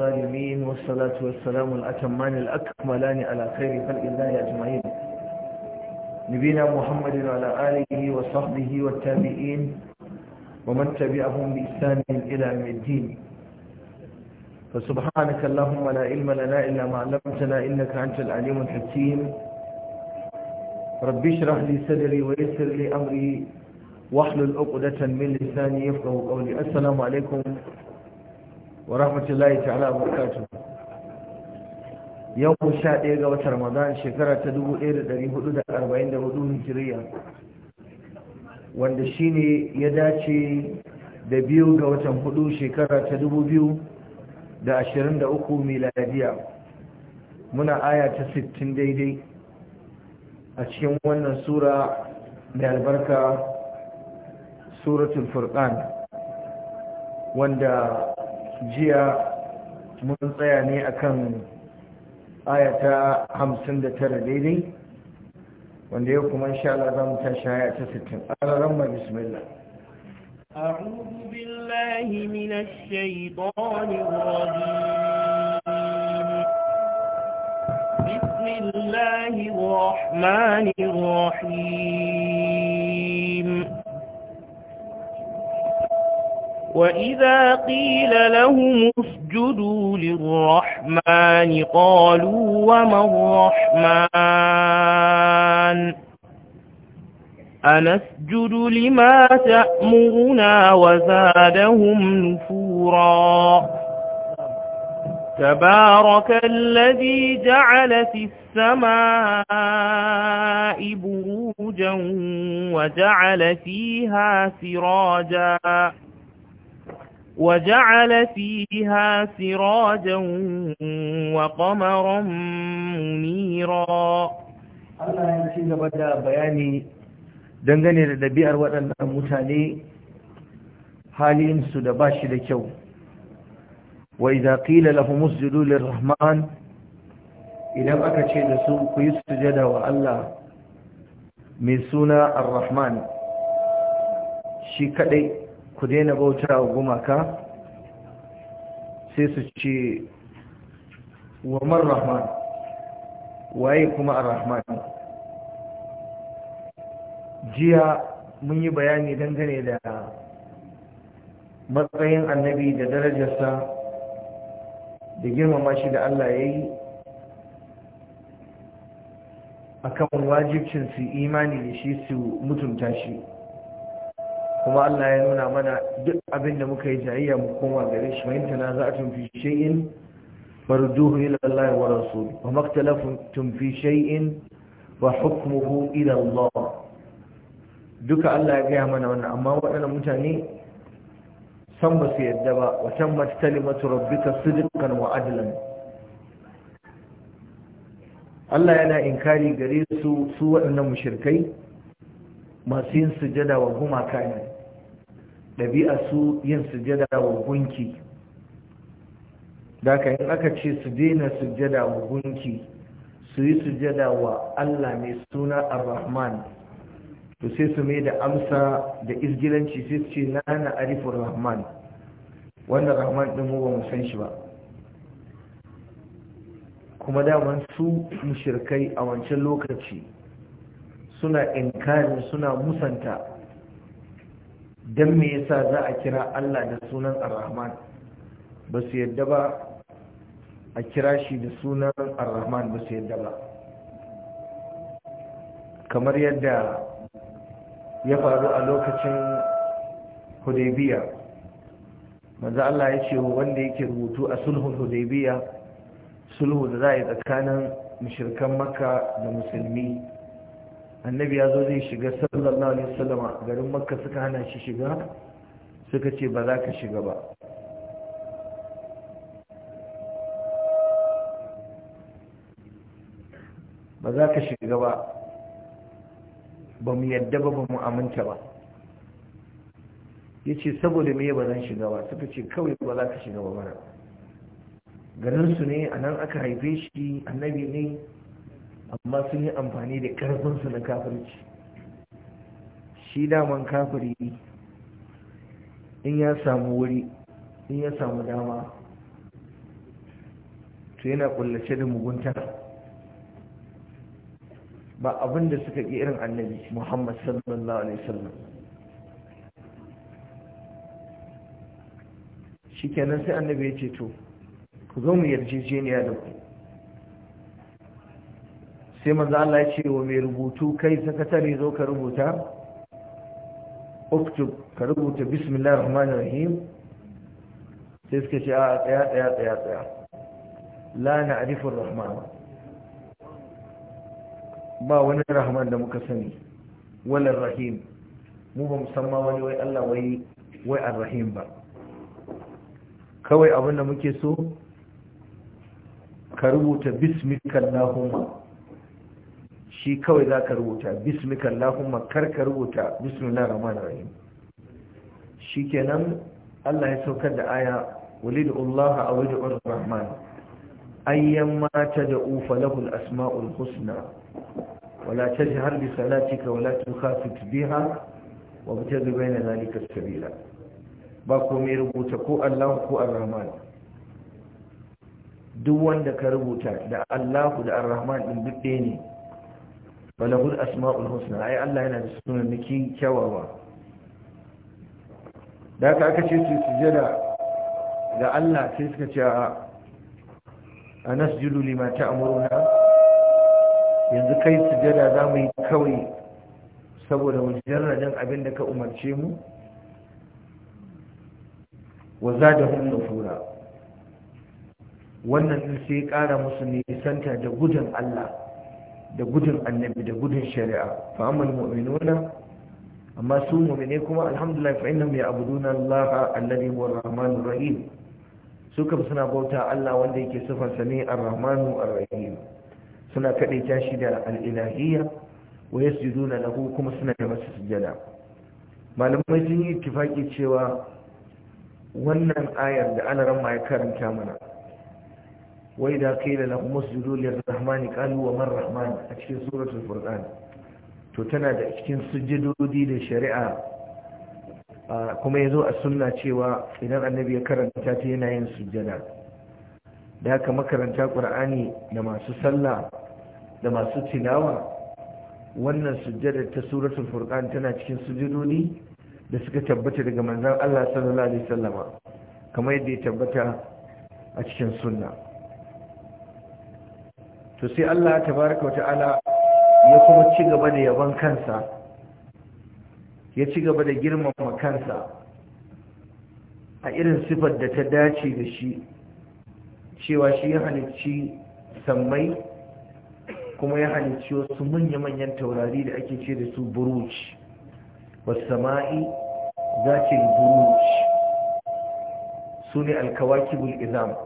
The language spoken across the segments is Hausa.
الظالمين والصلاة والسلام الأتمان الأكملان على خير خلق الله أجمعين نبينا محمد على آله وصحبه والتابعين ومن تبعهم بإحسان إلى الدين فسبحانك اللهم لا علم لنا إلا ما علمتنا إنك أنت العليم الحكيم ربي اشرح لي صدري ويسر لي أمري واحلل عقدة من لساني يفقه قولي السلام عليكم wa rahmatullahi ta'ala barakatuh yau sha ɗaya ga watan ramadan shekara ta 1444 hijiriya wanda shine ya dace da biyu ga watan hudu shekara ta 2023 miladiya muna aya ta 60 daidai a cikin wannan sura mai albarka suratul furqan wanda jiya mun tsaya ne akan ayata hamsin da tara daidai wanda ya kuma insha Allah za mu tashi ta sittin ƙararren ma bismillah أعوذ بالله من الشيطان الرجيم بسم الله الرحمن الرحيم وإذا قيل لهم اسجدوا للرحمن قالوا وما الرحمن أنسجد لما تأمرنا وزادهم نفورا تبارك الذي جعل في السماء بروجا وجعل فيها سراجا وجعل فيها سراجا وقمرا منيرا Allah ya ci gaba da bayani dangane da ɗabi'ar waɗannan mutane halinsu da ba shi da kyau wa idza qila lahum usjudu lirrahman idan aka ce da su ku yi sujada wa Allah mai suna ar-rahman shi kadai ku daina bauta wa gumaka sai su ce wa man rahman waye kuma ar-rahman jiya mun yi bayani dangane da matsayin annabi da darajarsa da girmama shi da Allah ya yi a kan wajibcin su imani da shi su mutunta shi kuma Allah ya nuna mana duk abinda muka yi jayayya mu koma gare shi fahimta na za a tumfi shay'in farduhu ila Allah wa rasul wa maktalafu tumfi shay'in wa hukmuhu ila Allah duka Allah ya gaya mana wannan amma waɗannan mutane san ba su yadda ba wa tammat kalimatu rabbika sidqan wa adlan Allah yana inkari gare su su waɗannan mushrikai masu yin sujada wa gumaka ne ɗabi'a su yin sujada wa gunki da aka yi aka ce su daina sujada wa gunki su yi sujada wa Allah mai suna ar-Rahman to sai su mai da amsa da izgilanci sai su ce na na arifin Rahman wannan Rahman ɗin mu ba mu san shi ba kuma daman su mushirkai a wancan lokaci suna inkarin suna musanta don me yasa za a kira Allah da sunan ar-rahman ba su yadda ba a kira shi da sunan ar-rahman ba su yadda ba kamar yadda ya faru a lokacin hudaybiya manzo Allah ya ce wanda yake rubutu a sulhun hudaybiya sulhu da za a yi tsakanin mushrikan makka da musulmi annabi ya zo zai shiga sallallahu alaihi wasallama garin makka suka hana shi shiga suka ce ba za ka shiga ba ba za ka shiga ba ba mu yadda ba ba mu aminta ba ya ce saboda me ba zan shiga ba suka ce kawai ba za ka shiga ba mana garinsu ne a nan aka haife shi annabi ne amma sun yi amfani da ƙarfinsu na kafirci shi daman kafiri in ya samu wuri in ya samu dama to yana kullace da mugunta ba abin da suka ƙi irin annabi muhammad sallallahu alaihi wasallam shi kenan sai annabi ya ce to ku zo mu yarjejeniya da ku sai manzo Allah ya ce wa mai rubutu kai sakatare zo ka rubuta uktub ka rubuta bismillahir rahmanir rahim sai suka ce a tsaya tsaya tsaya tsaya la na'rifu ar-rahman ba wani rahman da muka sani wala rahim mu ba musamman wani wai Allah wai wai ar-rahim ba kawai abin da muke so ka rubuta bismika allahumma shi kawai za ka rubuta bismika Allahumma kar ka rubuta bismillah rahman rahim shi kenan Allah ya saukar da aya walidu Allah a wajen rahman ayyan mata da ufa lahul asma'ul husna wala tajhar bi salatika wala tukhafit biha wa bitabi bayna zalika sabila ba komai rubuta ko Allah ko Ar-Rahman duk wanda ka rubuta da Allah da Ar-Rahman din duk ne walahul asma'ul husna ai Allah yana da sunan niki kyawawa da aka aka ce su sujada ga Allah sai suka ce a anasjudu lima ta'muruna yanzu kai sujada za mu yi kawai saboda mujarradin abin da ka umarce mu wa zadahum nufura wannan din sai ya kara musu nisanta da gudun Allah da gudun annabi da gudun shari'a fa amal mu'minuna amma su mu'mine kuma alhamdulillah fa innahum ya'buduna Allah alladhi huwa ar-rahmanur rahim su kam suna bauta Allah wanda yake sifarsa ne ar-rahmanu ar-rahim suna kadaita tashi da al-ilahiyya wa yasjuduna lahu kuma suna da masa sujjada malamai sun yi ittifaki cewa wannan ayar da alaran ma ya karanta mana Wai na وإذا rahmani لهم اسجدوا للرحمن قالوا وما الرحمن أشكي سورة القرآن تتنى دا أشكين سجدوا دي للشريعة كما يزوء السنة شوى إذا النبي كرن تاتينا ينسجنا da haka makaranta ƙur'ani da masu sallah da masu cinawa, wannan sujjada ta suratul furqan tana cikin sujudodi da suka tabbata daga manzon Allah sallallahu alaihi wasallama kamar yadda ya tabbata a cikin sunna to sai Allah tabaraka wa ta'ala ya kuma ci gaba da yaban kansa ya ci gaba da girmama kansa a irin sifar da ta dace da shi cewa shi ya halicci sammai kuma ya halicci wasu manya-manyan taurari da ake ce da su buruj wasu sama'i za ce buruj su ne alkawakibul izam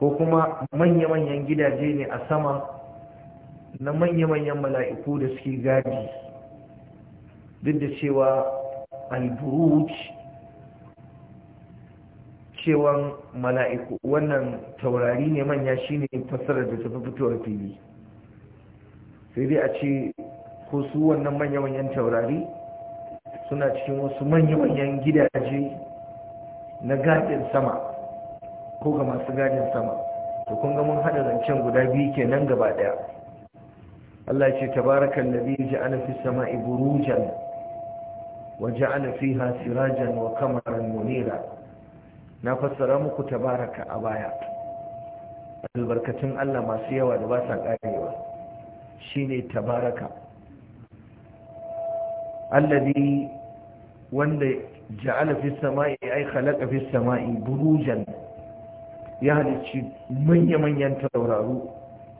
ko kuma manya-manyan gidaje ne a sama na manya-manyan mala'iku da suke gadi duk da cewa alburuj cewan mala'iku wannan taurari ne manya shine fasarar da tafi fitowar fili sai dai a ce ko su wannan manya-manyan taurari suna cikin wasu manya-manyan gidaje na gadin sama ko ga masu gadin sama to kun ga mun hada zancen guda biyu kenan gaba daya Allah ce tabarakal ladhi ja'ala fi sama'i burujan wa ja'ala fiha sirajan wa munira na fassara muku tabaraka a baya albarkatun Allah masu yawa da ba sa karewa shine tabaraka alladhi wanda ja'ala fi sama'i ay khalaqa fi sama'i burujan ya halicci manya-manyan tauraru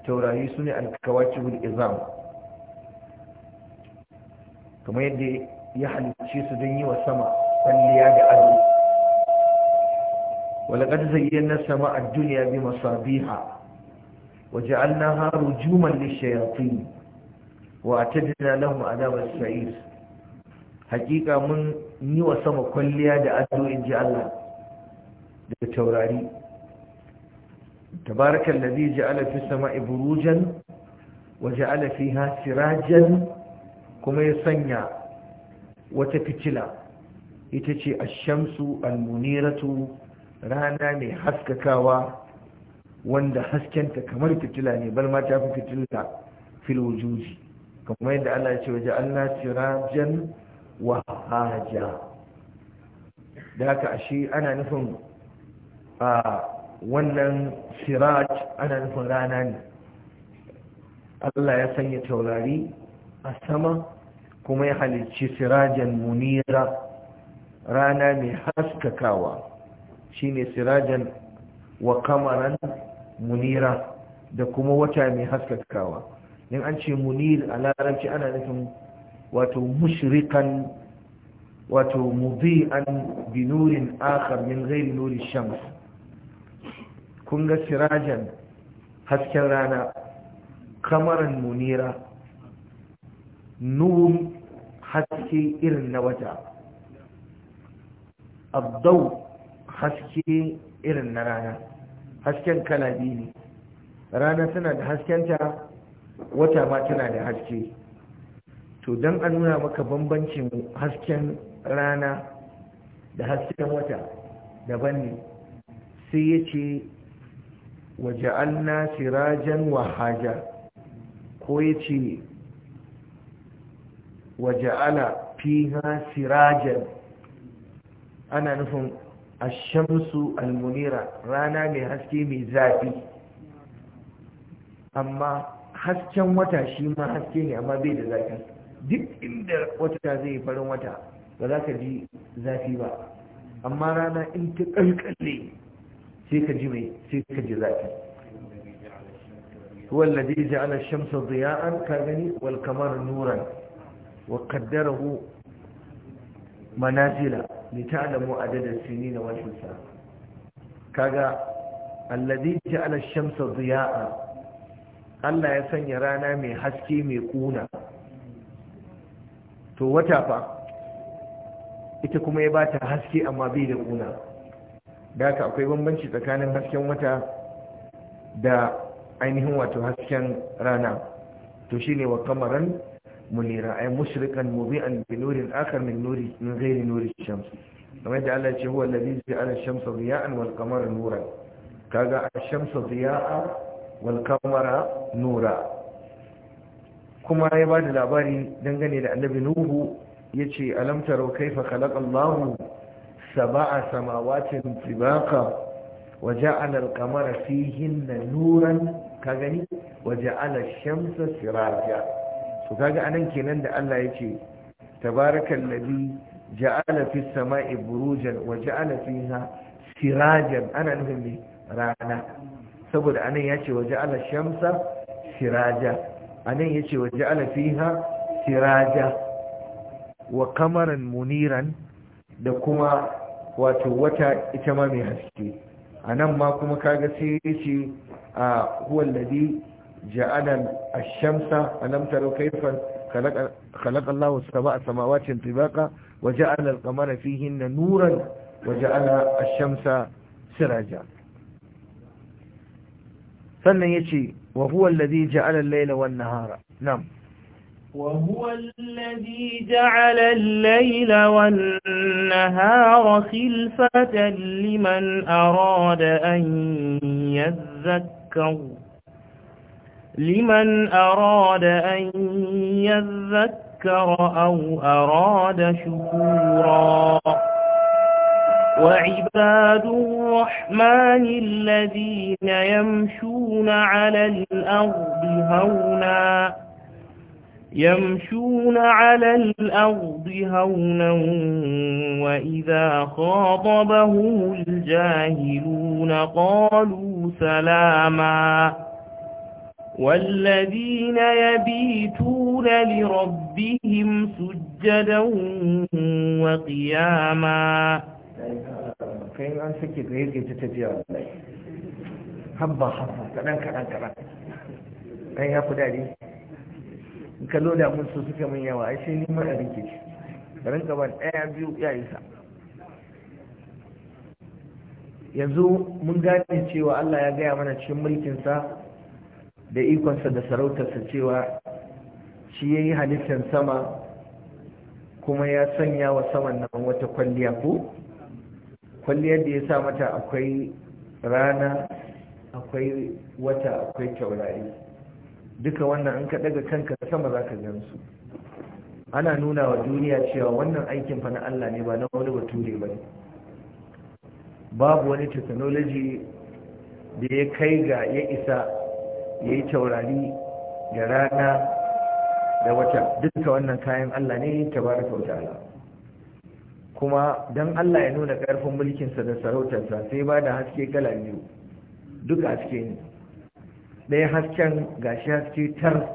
taurari su ne alkawacin izam kamar yadda ya halicce su don yi wa sama kwalliya da ado walakar zayyana sama a duniya bi masabiha waje an na haru juman lishayafi wa a tajina mu azabar sa'is hakika mun yi wa sama kwalliya da ado in ji allah da taurari تبارك الذي جعل في السماء بروجا وجعل فيها سراجا كما يسنع وتفتلا يتشي الشمس المنيرة رانا لحسك كاوا وند حسكنت كمر فتلاني بل ما تعرف فتلا في الوجوه كما يدعى الله يتشي وجعلنا سراجا وهاجا ذاك أشي أنا نفهم آه wannan siraj ana nufin rana ne Allah ya sanya taurari a sama kuma ya halicci sirajan munira rana mai haskakawa shine sirajan wa kamaran munira da kuma wata mai haskakawa in an ce munir a larabci ana nufin wato mushrikan wato Mubi an nurin akhar min nuri shams kun ga sirajan hasken rana kamaran munira nun haske irin na wata abdau haske irin na rana hasken kala biyu ne rana tana da haskenta wata ma tana da haske to don an nuna maka bambancin hasken rana da hasken wata daban ne sai ya ce waja'alna sirajen wahaja ko yace waja'ala ha sirajen ana nufin ashamsu almunira rana mai haske mai zafi amma hasken wata shi ma haske ne amma bai da zafi duk inda wata zai farin wata ba za ka ji zafi ba amma rana in ta kalkalle sai ka ji mai sai ka ji zafi wallazi ja'ala ash-shamsa diya'an ka gani wal qamara nuran wa qaddarahu manazila ta alamu a dada Sini na hisab kaga allazi ja'ala ash-shamsa diya'an Allah ya sanya rana mai haske mai kuna to wata fa ita kuma ya bata haske amma bai da kuna da haka akwai bambanci tsakanin hasken wata da ainihin wato hasken rana to shine wa kamaran munira ay mushrikan mubi'an bi nurin akhar min nuri min ghairi nuri shams kamar da Allah ce huwa allazi ja'ala ash-shamsa diya'an wal qamara nuran kaga ash-shamsa diya'a wal qamara nura kuma ya ba da labari dangane da annabi nuhu yace alam taro kaifa khalaqa Allahu سبع سماوات طباقا وجعل القمر فيهن نورا كغني وجعل الشمس سراجا فكاغا anan kenan da Allah yace tabarakallazi ja'ala fis sama'i burujan wa ja'ala fiha sirajan ana nufin ne rana saboda anan yace wa ja'ala shamsa siraja anan yace wa ja'ala fiha siraja wa muniran da kuma wato wata ita ma mai haske a nan ma kuma kaga sai ya ce a huwallabi ja'adar a shamsa a nan tarau kaifar kalakar lawus ta ba a samawacin tribaka wa ja'adar kamar fihin na nuran wa ja'adar a siraja sannan ya ce wa huwallabi ja'adar laila wannan hara وهو الذي جعل الليل والنهار خلفة لمن أراد أن يذكر لمن أراد أن يذكر أو أراد شكورا وعباد الرحمن الذين يمشون على الأرض هوناً يمشون على الأرض هونا وإذا خاطبهم الجاهلون قالوا سلاما والذين يبيتون لربهم سجدا وقياما كيف ان سكت غير كي تتبيع حبه حبه كلام كلام كلام كاين يا فدادي ka da mun su suka min yawa ai sai ni ma da rike shi garin gaban ɗaya biyu ya isa yanzu mun gane cewa Allah ya gaya mana cikin mulkinsa da ikonsa da sarautarsa cewa shi ya yi halittar sama kuma ya sanya wa saman nan wata kwalliya ko kwalliyar da ya sa mata akwai rana akwai wata akwai taurari duka wannan in ka kanka sama za ka gan ana nuna wa duniya cewa wannan aikin fa na Allah ne ba na wani bature ba babu wani technology da ya kai ga ya isa ya yi taurari da rana da wata duka wannan kayan Allah ne ta wa ta'ala kuma don Allah ya nuna ƙarfin mulkinsa da sarautarsa sai ba da haske kala biyu duka haske ne ɗaya hasken gashi haske tar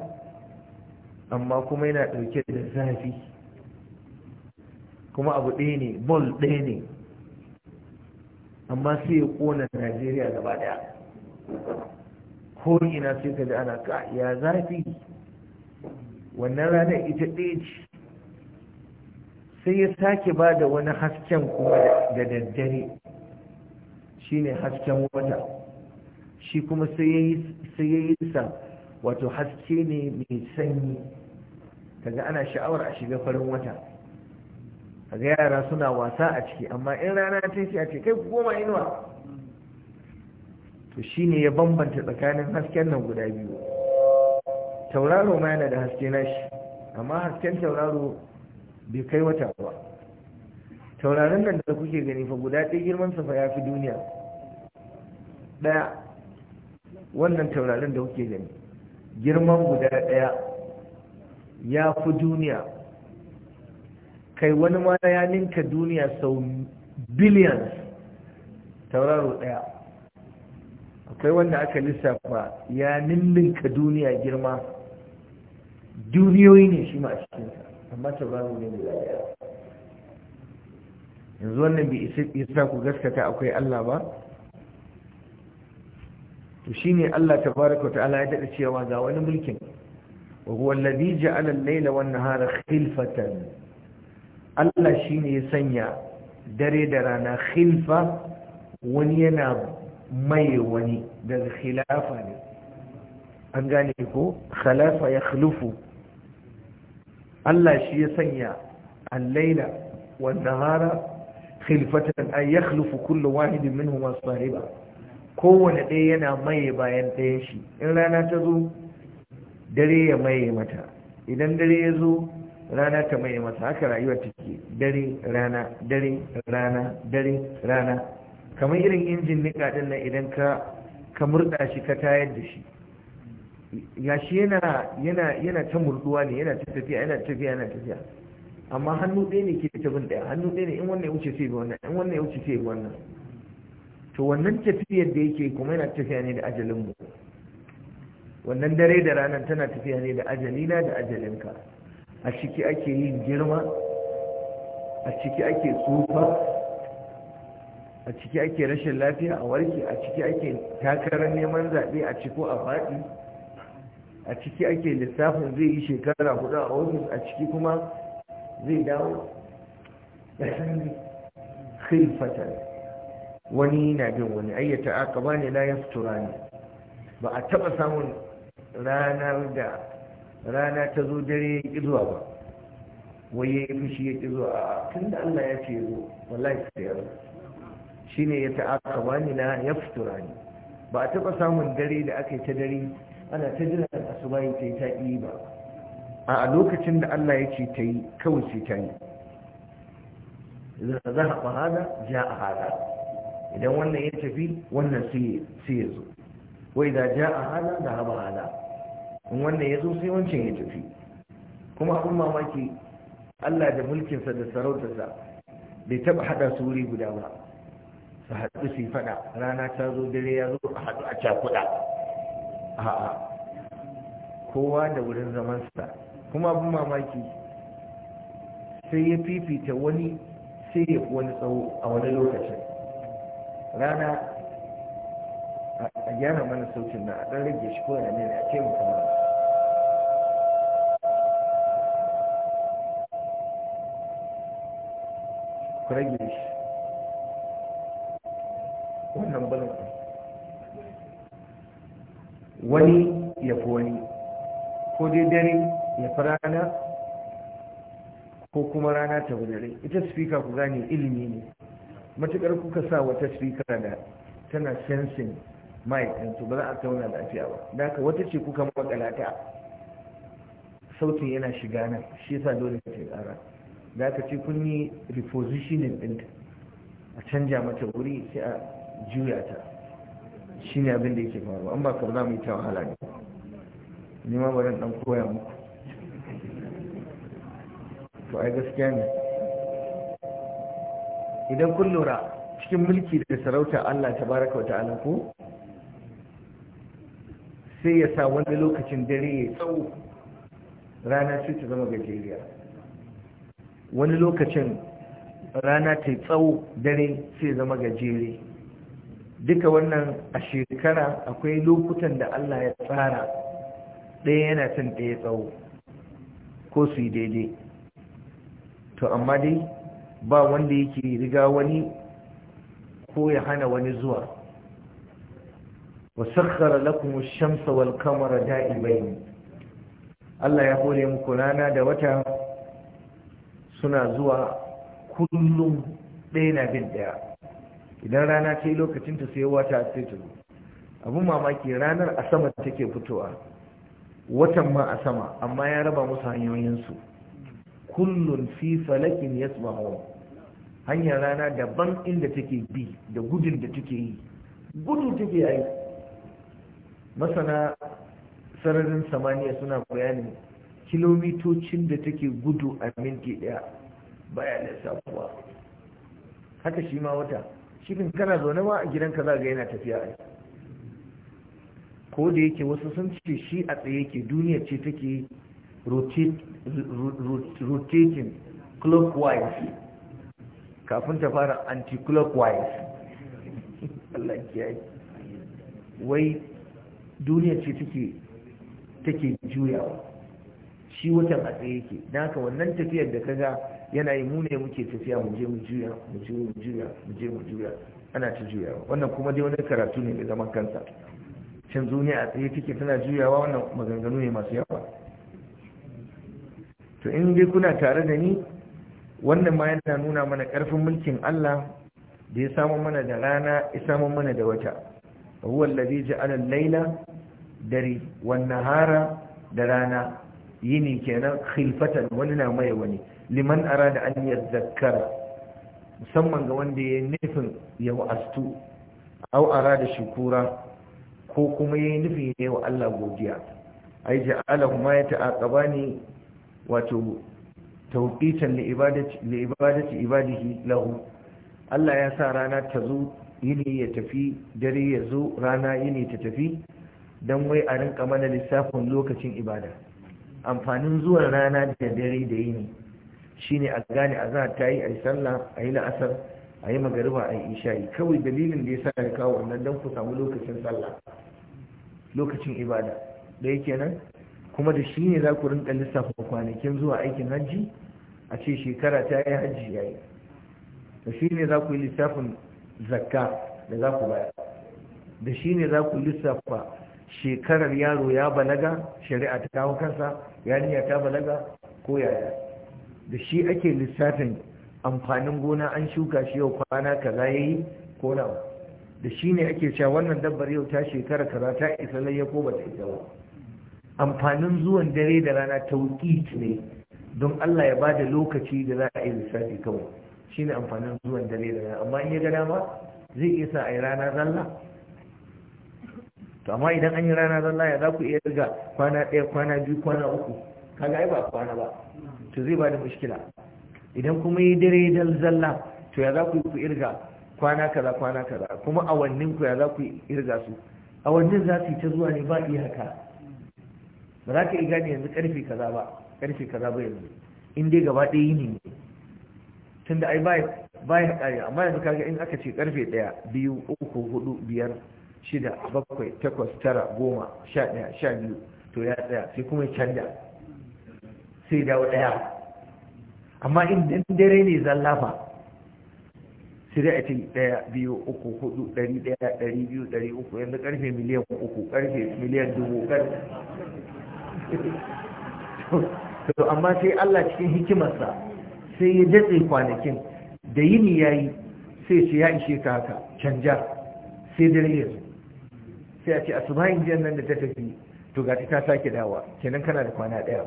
amma kuma yana ɗauke da zafi kuma abu ɗaya ne bol ɗaya ne amma sai ya ƙona najeriya gaba ɗaya ko ina sai ka ji ana ka ya zafi wannan ranar ita ɗaya ce sai ya sake ba da wani hasken kuma da daddare shi ne hasken wata shi kuma sai ya yi sai ya yi sa wato haske ne mai sanyi kaga ana sha'awar a shiga farin wata kaga yara suna wasa a ciki amma in rana ta yi a ce kai goma inuwa to shi ne ya bambanta tsakanin hasken nan guda biyu tauraro ma yana da haske nashi amma hasken tauraro bai kai wata ba tauraron nan da kuke gani fa guda ɗaya girman sa fa ya fi duniya ɗaya wannan taurarin da kuke gani girman guda ɗaya ya fi duniya kai wani ma ya ninka duniya sau billions tauraro ɗaya akwai wanda aka lissafa ya ninka duniya girma duniyoyi ne shi ma a cikinsa amma tauraro ne guda ɗaya yanzu wannan bai isa ku gaskata akwai Allah ba to shine Allah tabaraka ta'ala ya dade cewa ga wani mulkin wa huwa alladhi ja'ala al-layla wan-nahara khilfatan Allah shine ya sanya dare da rana khilfa wani yana mai wani da khilafa ne an gane ko khalafa ya khulufu Allah shi ya sanya al-layla wan-nahara khilfatan ay yakhlufu kullu wahidin minhuma sahiba kowane ɗaya yana maye bayan ɗayan shi in rana ta zo dare ya maye mata idan dare ya zo rana ta maye mata haka rayuwar take dare rana dare rana dare rana kamar irin injin nika ɗin nan idan ka ka murɗa shi ka tayar da shi ya shi yana ta murduwa ne yana ta tafiya yana tafiya yana tafiya amma hannu ɗaya ne ke ta bin ɗaya hannu ɗaya ne in wannan ya wuce sai bi wannan in wannan ya wuce sai bi wannan to wannan tafiyar da yake kuma yana tafiya ne da ajalinmu wannan dare da ranar tana tafiya ne da ajalina da ajalinka a ciki ake yin girma a ciki ake tsufa a ciki ake rashin lafiya a warki a ciki ake takarar neman zaɓe a ciko a faɗi a ciki ake lissafin zai yi shekara hudu a ofis a ciki kuma zai dawo da sanyi khilfatar wani na bin wani ayyata aka ba ne la ya sutura ne ba a taɓa samun ranar da rana ta zo dare ya zuwa ba wai ya yi fushi ya ƙi zuwa a tun da allah ya ce ya zo wallahi su da shi ne ya ta'aka ba ne la ya sutura ne ba a taɓa samun dare da aka yi ta dare ana ta jiran asuba ya ta yi ta yi ba a lokacin da allah ya ce ta yi kawai sai ta yi zahaɓa hada ja a hada idan wannan ya tafi wannan sai ya zo wai da ja a hala da haba hala in wannan ya zo sai wancan ya tafi kuma abin mamaki allah da mulkinsa da sarautarsa bai taba hada su wuri guda ba su haɗu su yi faɗa. rana ta zo dare ya zo a haɗu a cakuɗa a'a kowa da wurin zamansa kuma abin mamaki sai ya fifita wani sai ya wani tsawo a wani lokacin rana a gyara mana sautin na a ɗan rage shi koya ne a ce mutum ku rage shi wannan balon wani ya fi wani ko dai dare ya fi rana ko kuma rana ta dare ita speaker ku gane ilimi ne matuƙar kuka sa wata shirikara da tana sensing mic ɗinsu ba za a tauna lafiya ba da aka wata ce kuka makalata sautin yana shiga nan shi yasa dole ka ce ƙara da aka ce kun yi repositioning ɗinta a canja mata wuri sai a juya ta shi ne abin da yake faruwa an ba ka za mu yi ta wahala ne ni ma bari ɗan koya muku to ai gaskiya ne idan kun lura cikin mulki da sarauta Allah ta baraka wa ta'ala sai ya sa wani lokacin dare ya tsawo rana sai ta zama gajeriya wani lokacin rana ta tsawo dare sai zama gajere duka wannan a shekara akwai lokutan da Allah ya tsara ɗaya yana can ɗaya tsawo ko su yi daidai to amma dai ba wanda yake riga wani ko ya hana wani zuwa wasakhara lakum ash-shamsa wal qamara da'ibayn Allah ya hore muku rana da wata suna zuwa kullum ɗaya na bin ɗaya idan rana ce lokacin ta sai wata sai ta zo abun mamaki ranar a sama take fitowa watan ma a sama amma ya raba musu hanyoyinsu kullun fi falakin yasbahu Hanya rana daban inda take bi da gudun da take yi gudu take yi masana sararin samaniya suna bayani kilomitocin da take gudu a minti daya baya sabuwa haka shi ma wata shi kana zaune ma a gidanka za ga yana tafiya a ko da yake wasu sun ce shi a tsaye ke duniya ce take rotating clockwise kafin ta fara anti-clockwise Allah wai duniya ce take take juyawa shi watan a tsaye yake don haka wannan tafiyar da kaga yana yi mu ne muke tafiya mu je mu juya mu je mu juya mu je mu juya ana ta juyawa wannan kuma dai wani karatu ne mai zaman kansa can duniya a tsaye take tana juyawa wannan maganganu ne masu yawa to in dai kuna tare da ni wannan ma yana nuna mana ƙarfin mulkin Allah da ya samu mana da rana ya samu mana da wata huwa allazi ja'ala al-laila dare wan nahara da rana yini kenan khilfatan wani na mai wani liman arada an yadhakkara musamman ga wanda ya nufin ya Au aw arada shukura ko kuma ya nufin ya wa Allah godiya ai ja'alahu ma yata'aqabani wato tawqitan li ibadati li ibadati ibadihi lahu Allah ya sa rana ta zo yini ya tafi dare ya zo rana yini ta tafi don wai a rinka mana lissafin lokacin ibada amfanin zuwan rana da dare da yini shine a gane a za ta yi a yi sallah a yi la'asar a yi magariba a yi isha'i kawai dalilin da ya sa ya kawo wannan don ku samu lokacin sallah lokacin ibada da yake nan kuma da shi ne za ku rinka lissafa kwanakin zuwa aikin hajji a ce shekara ta yi hajji ya yi da shi ne za ku yi lissafin zakka da za ku bayar da shi ne za ku lissafa shekarar yaro ya balaga shari'a ta kawo kansa yarinya ta balaga ko yaya da shi ake lissafin amfanin gona an shuka shi yau kwana kaza yi ko nawa da shi ne ake cewa wannan dabbar yau ta shekara kaza ta isa layya ko ba ta isa ba amfanin zuwan dare da rana tauqit ne don Allah ya bada lokaci da za a yi lissafi kawai ne amfanin zuwan dare da rana amma in ya gada ma, zai iya sa a yi rana zalla to amma idan an yi rana zalla ya za ku iya riga kwana ɗaya kwana biyu kwana uku kaga ai ba kwana ba to zai bada mushkila idan kuma yi dare da zalla to ya za ku ku irga kwana kaza kwana kaza kuma awannin ku ya za ku irga su awannin za su yi ta zuwa ne ba iyaka ba za ka iya gane yanzu karfe kaza ba karfe kaza ba yanzu in dai gaba ɗaya yini ne tunda ai bai bai amma yanzu kaga in aka ce karfe ɗaya biyu uku hudu biyar shida bakwai takwas tara goma sha ɗaya sha biyu to ya tsaya sai kuma ya canja sai dawo ɗaya amma in dare ne zallafa sai dai a ce ɗaya biyu uku hudu ɗari ɗaya ɗari biyu ɗari uku yanzu ƙarfe miliyan uku ƙarfe miliyan dubu ƙarfe to amma sai Allah cikin hikimarsa sai ya datse kwanakin da yini yi sai ce ya ishe ka haka canja sai dare ya zo sai a ce a subahin jiyan nan da ta tafi to ga ta sake dawa kenan kana da kwana daya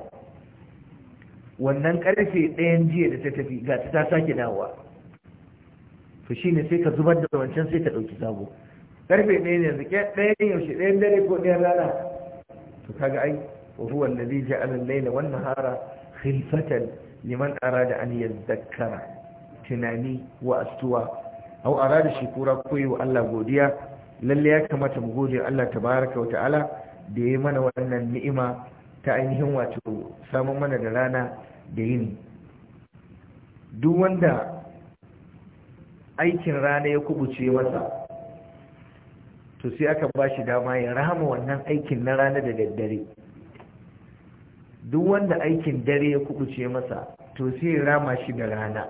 wannan karfe ɗayan jiya da ta tafi ga ta sake dawa to shi ne sai ka zubar da wancan sai ka ɗauki sabo karfe ɗaya ne yanzu ɗayan yaushe ɗayan dare ko ɗayan rana to kaga ai وهو الذي جعل الليل والنهار خلفة لمن أراد أن يذكر tunani wa astuwa au arada shukura koyi wa Allah godiya Lallai ya kamata mu gode Allah ta tabaraka wata'ala da ya mana wannan ni'ima ta ainihin wato samun mana da rana da yini duk wanda aikin rana ya kubuce masa to sai aka bashi dama ya rama wannan aikin na rana da daddare duk wanda aikin dare ya kubuce masa to sai rama shi da rana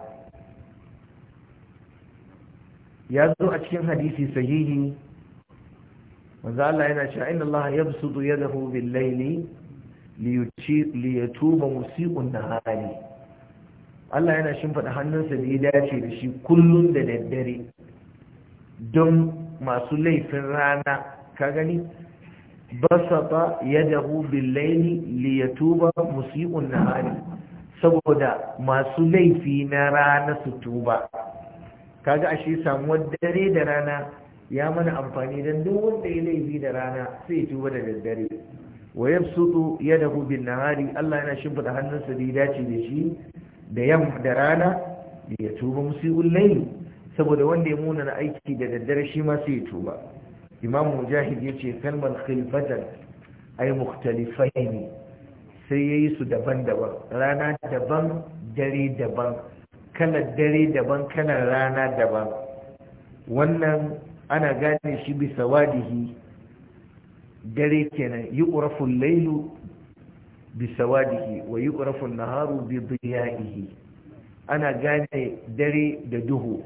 ya zo a cikin hadisi sahihi manzo Allah yana cewa inna Allah yabsutu yadahu bil layli li yatuba musii'un nahari Allah yana shimfida hannunsa da ya dace da shi kullum da daddare don masu laifin rana ka gani basata yadahu billaili li yatuba nahari saboda masu laifi na rana su tuba kaga ashe samuwar dare da rana ya mana amfani don duk wanda ya laifi da rana sai tuba da daddare wa yabsutu yadahu bin nahari Allah yana shimfida hannunsa da ya dace da shi da yam da rana ya tuba musiul layl saboda wanda ya muna aiki da daddare shi ma sai ya tuba Imamu mujahid ya ce kalmar khilfatan ai mukhtalifain ne sai yayi su daban-daban rana daban dare daban kalar dare daban kana rana daban wannan ana gane shi bisa sawadihi dare kenan yi ƙurafin lailu bisa wa yi naharu bi biya'ihi ana gane dare da duhu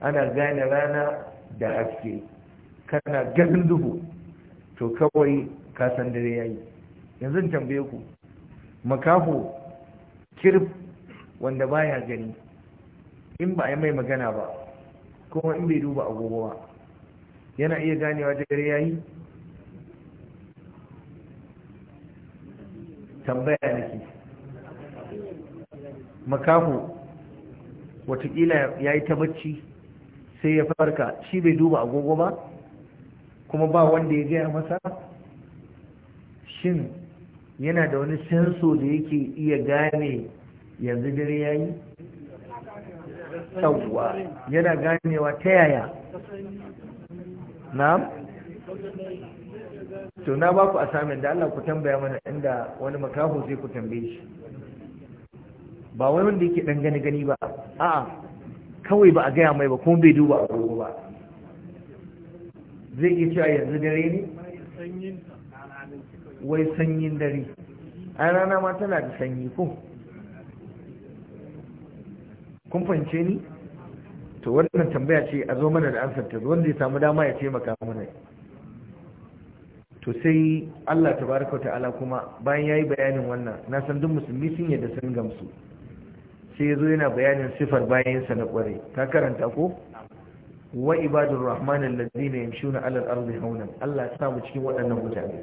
ana gane rana da haske kana ganin duhu to kawai ka san dare yayi yanzu tambaye ku makaho kirf wanda baya gani in ba yi mai magana ba kuma in bai duba agogo ba yana iya ganewa dare yayi tambaya nake makaho watakila ya yi ta bacci sai ya farka shi bai duba agogo ba kuma ba wanda ya gaya masa shin yana da wani sensu da yake iya gane yanzu dare ya yi yana ganewa ta yaya na to na ba ku samun da Allah ku tambaya mana inda wani makaho zai ku tambaye shi ba wani wanda yake dan gani gani ba a'a kawai ba a gaya mai ba kuma bai duba agogo ba zai iya cewa yanzu dare ne wai sanyin dare a rana ma tana da sanyi ko kun fahimce ni to wannan tambaya ce a zo mana da ansar ta wanda ya samu dama ya taimaka mana to sai Allah tabaraka ta'ala kuma bayan ya yi bayanin wannan na san duk musulmi sun yadda sun gamsu sai zo yana bayanin sifar bayansa na kware ka karanta ko wa ibadun rahmanin allazina ya shuna alal ardi hawlan Allah ya mu cikin waɗannan mutane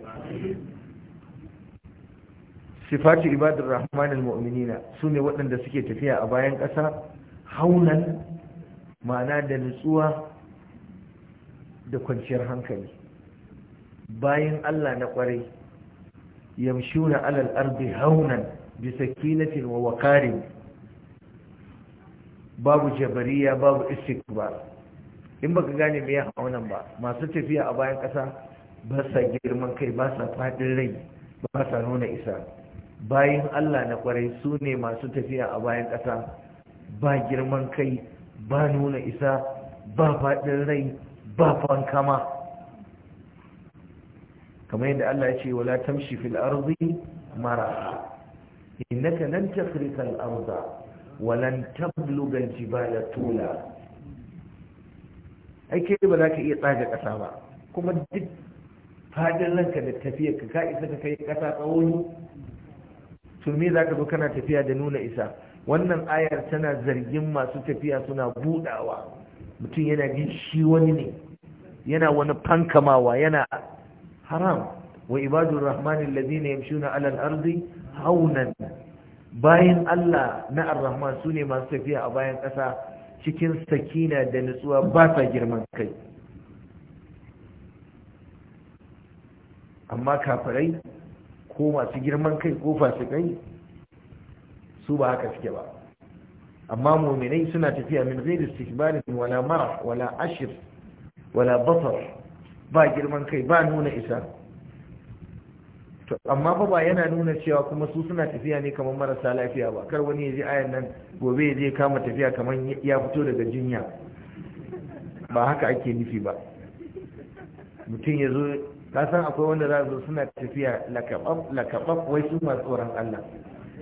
sifatu ibadun rahmanin al-mu'minina sune waɗanda suke tafiya a bayan ƙasa haunan ma'ana da nutsuwa da kwanciyar hankali bayan Allah na ƙwarai yamshuna alal ardi haunan bisa sakinatin wa waqarin babu jabariya babu istikbar in baka gane me ya nan ba masu tafiya a bayan ƙasa ba sa girman kai ba sa faɗin rai ba sa nuna isa bayan Allah na kwarai su ne masu tafiya a bayan ƙasa ba girman kai ba nuna isa ba faɗin rai ba fankama kamar yadda Allah ya ce wala tamshi fil ardi maraha innaka lan tafrika al arda wa lan tabluga al jibala tula ake ba za ka iya tsaga ƙasa ba kuma duk fadin ranka da tafiyar ka ka isa ka kai ƙasa tsawo to me za ka zo kana tafiya da nuna isa wannan ayar tana zargin masu tafiya suna budawa mutum yana jin shi wani ne yana wani fankamawa yana haram wa ibadur rahmani alladhina yamshuna ala al-ardi haunan bayan Allah na ar-rahman sune masu tafiya a bayan ƙasa cikin sakina da nutsuwa ba sa girman kai amma kafirai ko masu girman kai ko fasikai su ba haka suke ba amma muminai suna tafiya min da istikbalin wala mara wala ashir wala basar ba girman kai ba nuna isa amma fa ba yana nuna cewa kuma su suna tafiya ne kamar marasa lafiya ba kar wani ya ji ayan nan gobe ya je kama tafiya kamar ya fito daga jinya ba haka ake nufi ba mutum ya zo ka san akwai wanda za zo suna tafiya lakabab wai su masu tsoron Allah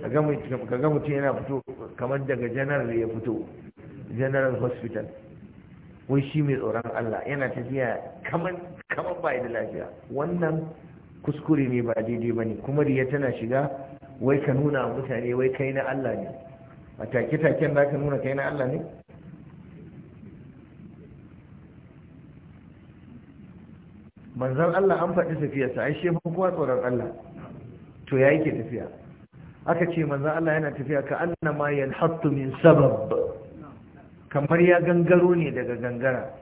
ka ga mutum yana fito kamar daga general ya fito general hospital wai shi mai tsoron Allah yana tafiya kamar kamar bai da lafiya wannan kuskure ne ba daidai ba ne kuma riya tana shiga wai ka nuna mutane wai kai na Allah ne a take-taken za ka nuna kai na Allah ne manzan Allah an faɗi sa ai shefan kowa tsoron Allah to ya yake tafiya aka ce manzan Allah yana tafiya ka annama yalhattu min sabab kamar ya gangaro ne daga gangara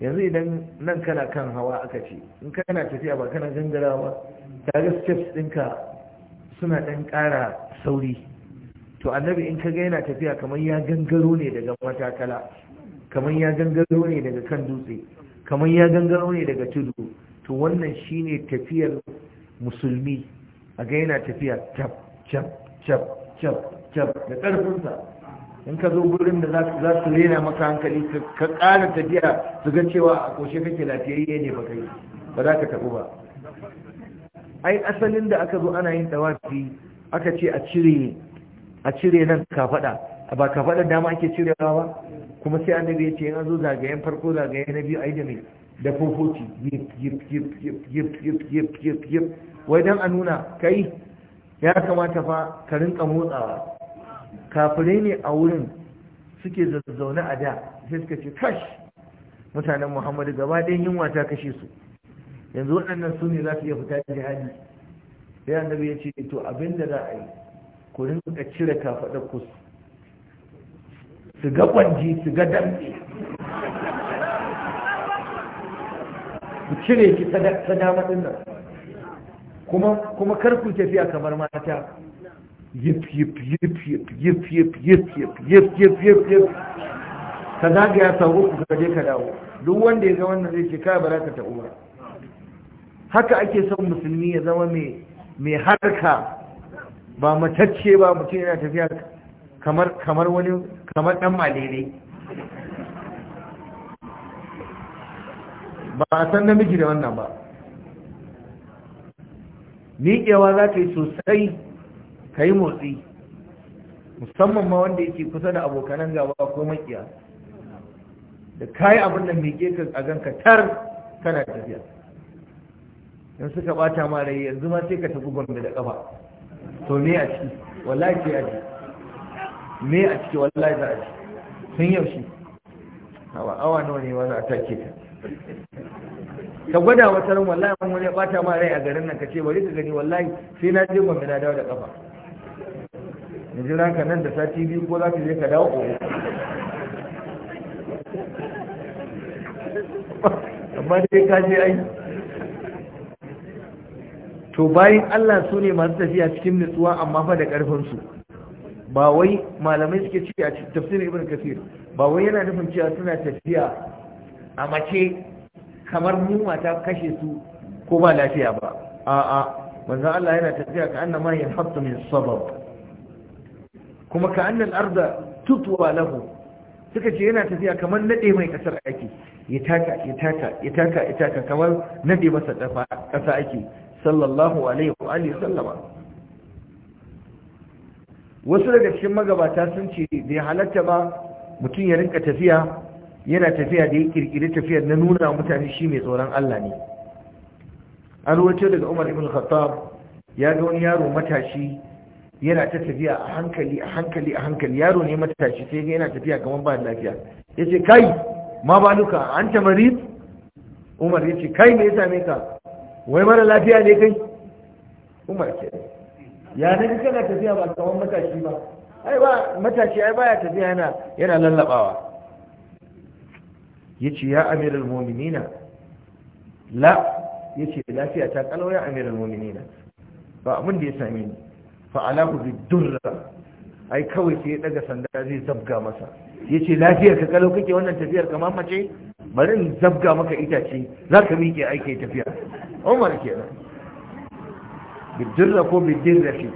yanzu idan nan kana kan hawa aka ce in kana tafiya ba kana gangara ba ga steps ɗinka suna ɗan ƙara sauri to annabi in ka ga yana tafiya kamar ya gangaro ne daga matakala kamar ya gangaro ne daga kan dutse kamar ya gangaro ne daga tudu to wannan shine tafiyar musulmi a ga yana tafiya cap cap cap cap cap da ƙarfinsa in ka zo gurin da za su rena maka hankali ka ƙara tafiya su ga cewa a ƙoshe kake lafiyayye ne ba kai ba za ka tafi ba ai asalin da aka zo ana yin dawafi aka ce a cire a cire nan kafada ba kafada dama ake cirewa ba kuma sai annabi ya ce in zo zagayen farko zagayen na biyu ai da mai da fofoti yip yip yip yip yip yip yip yip wai dan a nuna kai ya kamata fa ka rinka motsawa kafirai ne a wurin suke zazzaune a da sai suka ce kash mutanen muhammadu gaba ɗayan yunwa ta kashe su yanzu waɗannan su ne za su iya fita jihadi sai annabi ya ce to abin da za a yi ku rinka cire kafaɗar ku su ga kwanji su ga damɗe ku cire ki sadama ɗin nan kuma kar ku tafiya kamar mata yip yip yip yip yip yip yip yip yip yip yip yif ka zagaya sau uku ka je ka dawo duk wanda ya ga wannan zai ce ka ba za ka ta umra haka ake son musulmi ya zama mai mai harka ba matacce ba mutum yana tafiya kamar kamar wani kamar dan malele ba a san namiji da wannan ba miƙewa za ka yi sosai ka yi motsi musamman ma wanda yake kusa da abokanan gaba ko makiya da kayi abin da mai ka a ganka tar kana tafiya don suka bata ma rai yanzu ma sai ka tafi gombe da kafa to me a ciki wallahi ke a ciki me a ciki wallahi za a ciki sun yaushe hawa awa nawa ne wani a take ta ka gwada wata ran wallahi wani ya bata ma rai a garin nan ka ce bari ka gani wallahi sai na je gombe na dawo da kafa in jira ka nan da sati biyu ko za ka je ka dawo ko amma dai ka je ai to bayan Allah su ne masu tafiya cikin nutsuwa amma fa da karfin su ba wai malamai suke ce a tafsirin ibn kasir ba wai yana nufin cewa suna tafiya a mace kamar mu mata kashe su ko ba lafiya ba a'a manzon Allah yana tafiya ka annama yanhattu min sabab kuma ka annan arda tutuwa lahu suka ce yana tafiya kamar nade mai kasar ake ya taka ya taka ya taka ya taka kamar nade masa dafa kasa ake sallallahu alaihi wa alihi sallama wasu daga cikin magabata sun ce bai halatta ba mutum ya rinka tafiya yana tafiya da ya kirkiri tafiyar na nuna mutane shi mai tsoron Allah ne an daga Umar ibn Khattab ya ga wani yaro matashi yana ta tafiya a hankali a hankali a hankali yaro ne matashi sai ga yana tafiya kamar ba lafiya ya ce kai ma ba luka an tamari umar ya ce kai me ya same ka wai mara lafiya ne kai umar ke ya nabi kana tafiya ba kamar matashi ba ai ba matashi ai baya tafiya yana yana lallabawa ya ce ya amiral mu'minina la ya ce lafiya ta kalau ya amiral mu'minina ba abin da ya same ni fa'alahu bi durra ai kawai sai ya daga sanda zai zabga masa ya ce lafiyar ka kalau kake wannan tafiyar ka mamace bari in zabga maka itace za ka miƙe aiki tafiya umar ke bi durra ko bi shi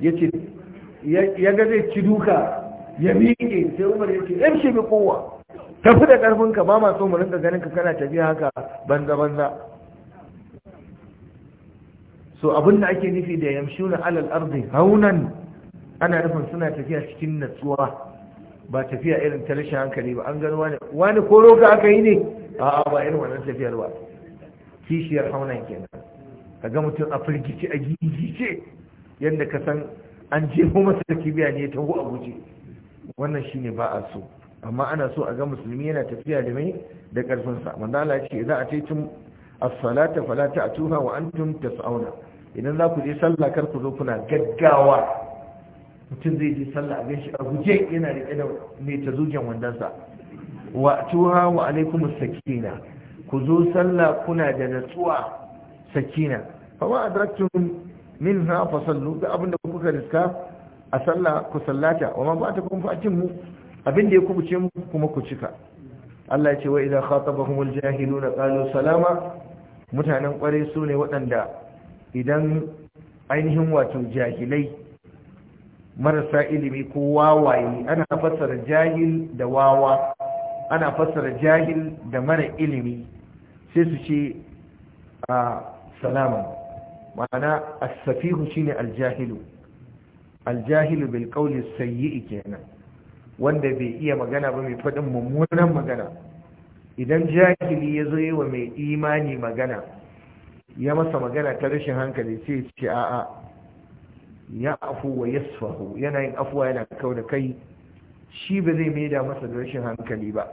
ya ce ya ga zai ci duka ya miƙe sai umar ya ce yan shi bi kowa tafi da ƙarfinka ba ma so mu rinka ganin ka kana tafiya haka banza banza so abin da ake nufi da yamshuna alal ardi haunan ana nufin suna tafiya cikin natsuwa ba tafiya irin ta rashin hankali ba an gano wani wani ko roka aka yi ne a'a ba irin wannan tafiyar ba kishiyar haunan kenan kaga mutum a firgici a gigice yadda ka san an jefo masa kibiya ne ta a guje wannan shine ba a so amma ana so a ga musulmi yana tafiya da mai da karfin sa manzo Allah ya ce idan a as-salata fala ta'tuha wa antum tas'auna idan za ku je sallah kar ku zo kuna gaggawa mutum zai je sallah a ganshi a guje yana riƙe da ne ta zugen wandonsa wa tuha wa alaikum sakina ku zo sallah kuna da natsuwa sakina fa ma adraktum minha fa sallu da abinda kuka riska a sallah ku sallata wa ma ba ba'atakum fa Abin abinda ya kubuce mu, kuma ku cika Allah ya ce wa idza khatabahumul na qalu salama mutanen kware su ne waɗanda idan ainihin wato jahilai marasa ilimi ko wawaye ana fassara jahil da wawa ana fassara jahil da mara ilimi sai su ce a salama ma'ana as-safihu shine ne Aljahilu. Aljahilu bil qawli sayyi kenan wanda bai iya magana ba mai faɗin mummunan magana idan jahili ya zo yi wa mai imani magana ya masa magana ta rashin hankali sai ya ce a'a ya afu wa yasfahu yana yin afuwa yana kau da kai shi ba zai da masa da rashin hankali ba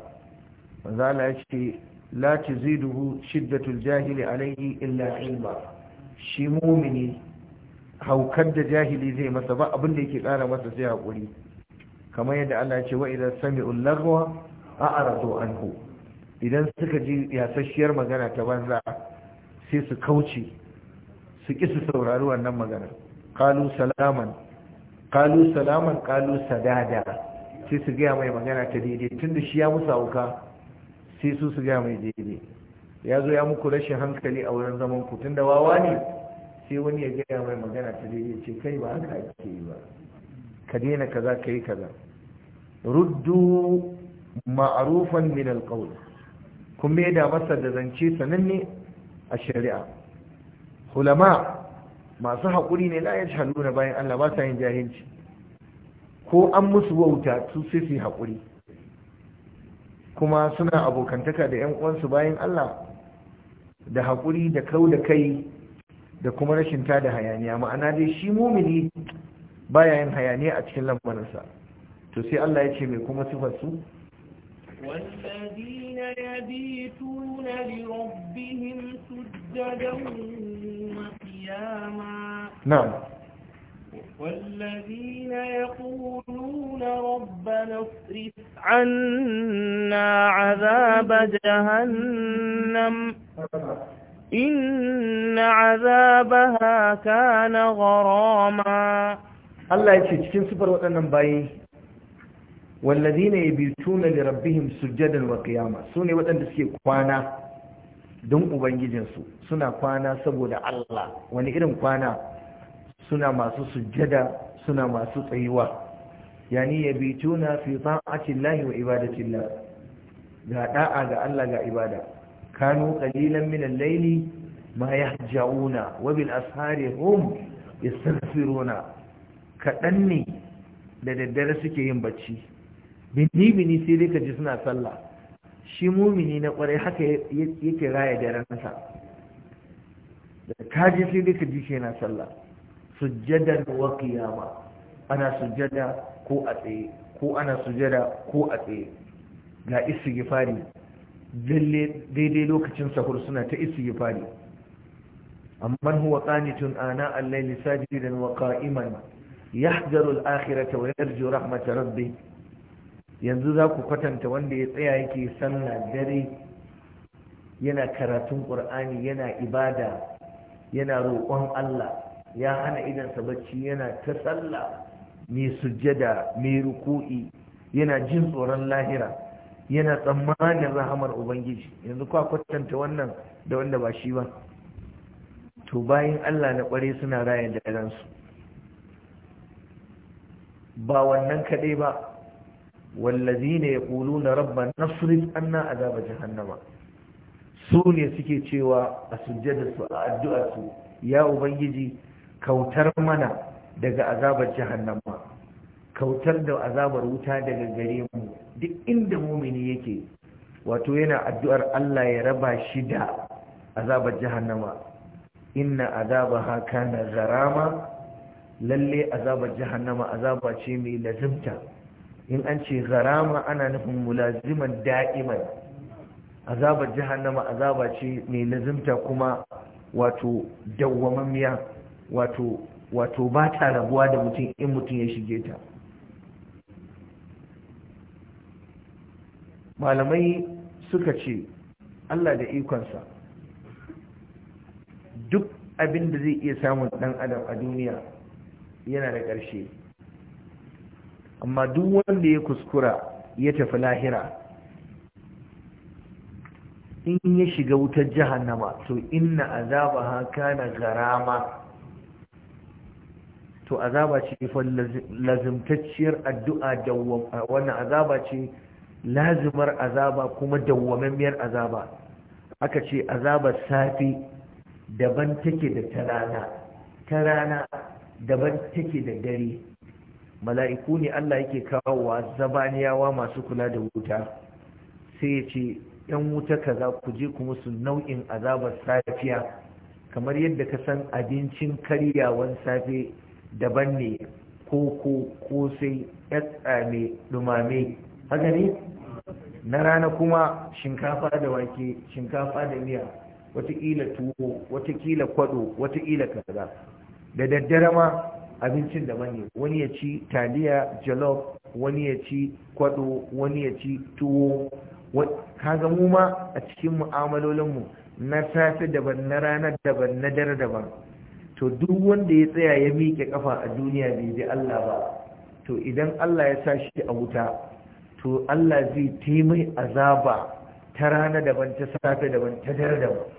manzo Allah ya ce la tuziduhu shiddatul jahili alayhi illa ilma shi mumini haukar da jahili zai masa ba abin da yake kara masa sai hakuri kamar yadda Allah ce wa idan sami'ul a arazo anhu idan suka ji yasasshiyar magana ta banza sai su kauce su ƙi su saurari wannan magana kalu salaman kalu salaman kalu sadada sai su gaya mai magana ta daidai tun da shi ya musu auka sai su su gaya mai daidai ya zo ya muku rashin hankali a wurin zaman ku tun da wawa ne sai wani ya gaya mai magana ta daidai ce kai ba haka ake yi ba ka daina kaza ka yi kaza ruddu ma'arufan min alqawl kun me da masa da zance sananne a shari'a ما masu haƙuri ne la da bayan Allah ba sa yin jahilci ko an musu wauta su sai su haƙuri kuma suna abokantaka da 'yan uwansu bayan Allah da haƙuri da kau da kai da kuma rashin da hayaniya ma'ana dai shi mumini baya yin hayaniya a cikin lamarinsa to sai Allah ya ce mai kuma sifarsu والذين يبيتون لربهم سجدا وقياما نعم والذين يقولون ربنا اصرف عنا عذاب جهنم إن عذابها كان غراما الله كم سبر وأنا باي bi yabituna da rabbihim sujadan wa qiyama sune waɗanda suke kwana don ubangijinsu suna kwana saboda Allah wani irin kwana suna masu sujjada suna masu tsayuwa yani yabituna fi ta'ati Allah wa ibadati Allah ga da'a ga Allah ga ibada kanu qalilan min al-layli ma yahjauna wa bil ashari hum yastaghfiruna Kaɗan ne da daddare suke yin bacci bini sai dai ka ji suna sallah shi mumini na kwarai haka yake raya da ransa da ji sai dai ka ji shi yana sallah sujjadar wa qiyama ana sujjada ko a tsaye ko ana sujjada ko a tsaye ga istighfari daidai lokacin sahur suna ta istighfari amma huwa tun ana al-layli sajidan wa qa'iman yahdaru al-akhirata wa yarju rahmat rabbih yanzu za ku kwatanta wanda ya tsaya yake sallah dare yana karatun ƙur'ani yana ibada yana roƙon Allah ya hana idansa bacci yana ta sallah mai sujjada mai ruku'i yana jin tsoron lahira yana tsammanin rahamar ubangiji yanzu kwa kwatanta wannan da wanda ba shi ba to bayan Allah na ƙware suna raya da ransu ba wannan kaɗai ba wallazina yaquluna rabbana nasrif anna azaba jahannama su ne suke cewa a su a addu'arsu ya ubangiji kautar mana daga azabar jahannama kautar da azabar wuta daga gare mu duk inda mumini yake wato yana addu'ar Allah ya raba shi da azabar jahannama inna azabaha kana zarama lalle azabar jahannama azaba ce mai lazimta in an ce garama ana nufin mulaziman da'iman azabar jahannama azaba ce mai lazimta kuma wato dawwamammiya wato wato ba ta rabuwa da mutum in mutum ya shige ta malamai suka ce Allah da ikonsa duk abin da zai iya samun dan adam a duniya yana da ƙarshe amma duk wanda ya kuskura ya tafi lahira in ya shiga wutar jahannama to inna azaba ha kana garama to azaba ce fa lazimtacciyar addu'a wannan azaba ce lazimar azaba kuma dawwamiyar azaba aka ce azaba safi daban take da ta rana ta rana daban take da dare mala'iku ne Allah yake kawo wa zabaniyawa masu kula da wuta sai ya ce ‘yan wuta kaza ku je ku musu nau'in azabar safiya kamar yadda ka san abincin karyawan safe daban ne koko kosai tsame dumame haka ne na rana kuma shinkafa da wake shinkafa da miya watakila tuwo watakila kwado watakila kaza da daddare ma abincin da ne wani ya ci taliya jalof wani ya ci kwado wani ya ci tuwo kaga mu ma a cikin mu'amalolinmu na safe daban na rana daban na dare daban to duk wanda ya tsaya ya miƙe kafa a duniya bai ji Allah ba to idan Allah ya sa shi a wuta to Allah zai taimai azaba ta rana daban ta safe daban ta dare daban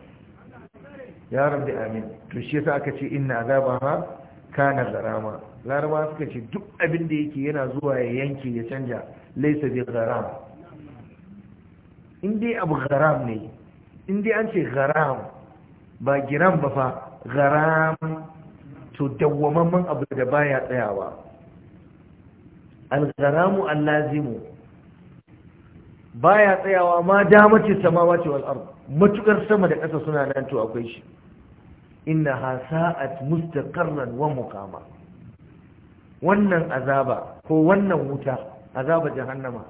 ya rabbi amin to shi yasa aka ce inna azabaha kana zarama laraba suka ce duk abin da yake yana zuwa ya yanke ya canja laisa bi gharam in dai abu gharam ne in dai an ce gharam, ba giram ba fa gharam to dawwamamman abu da baya tsayawa al gharamu al-lazimu baya tsayawa ma ce, samawa ce wal ardh matukar sama da ƙasa suna nan to akwai shi innaha sa'at mustaqarran wa muqama wannan azaba ko wannan wuta azaba jahannama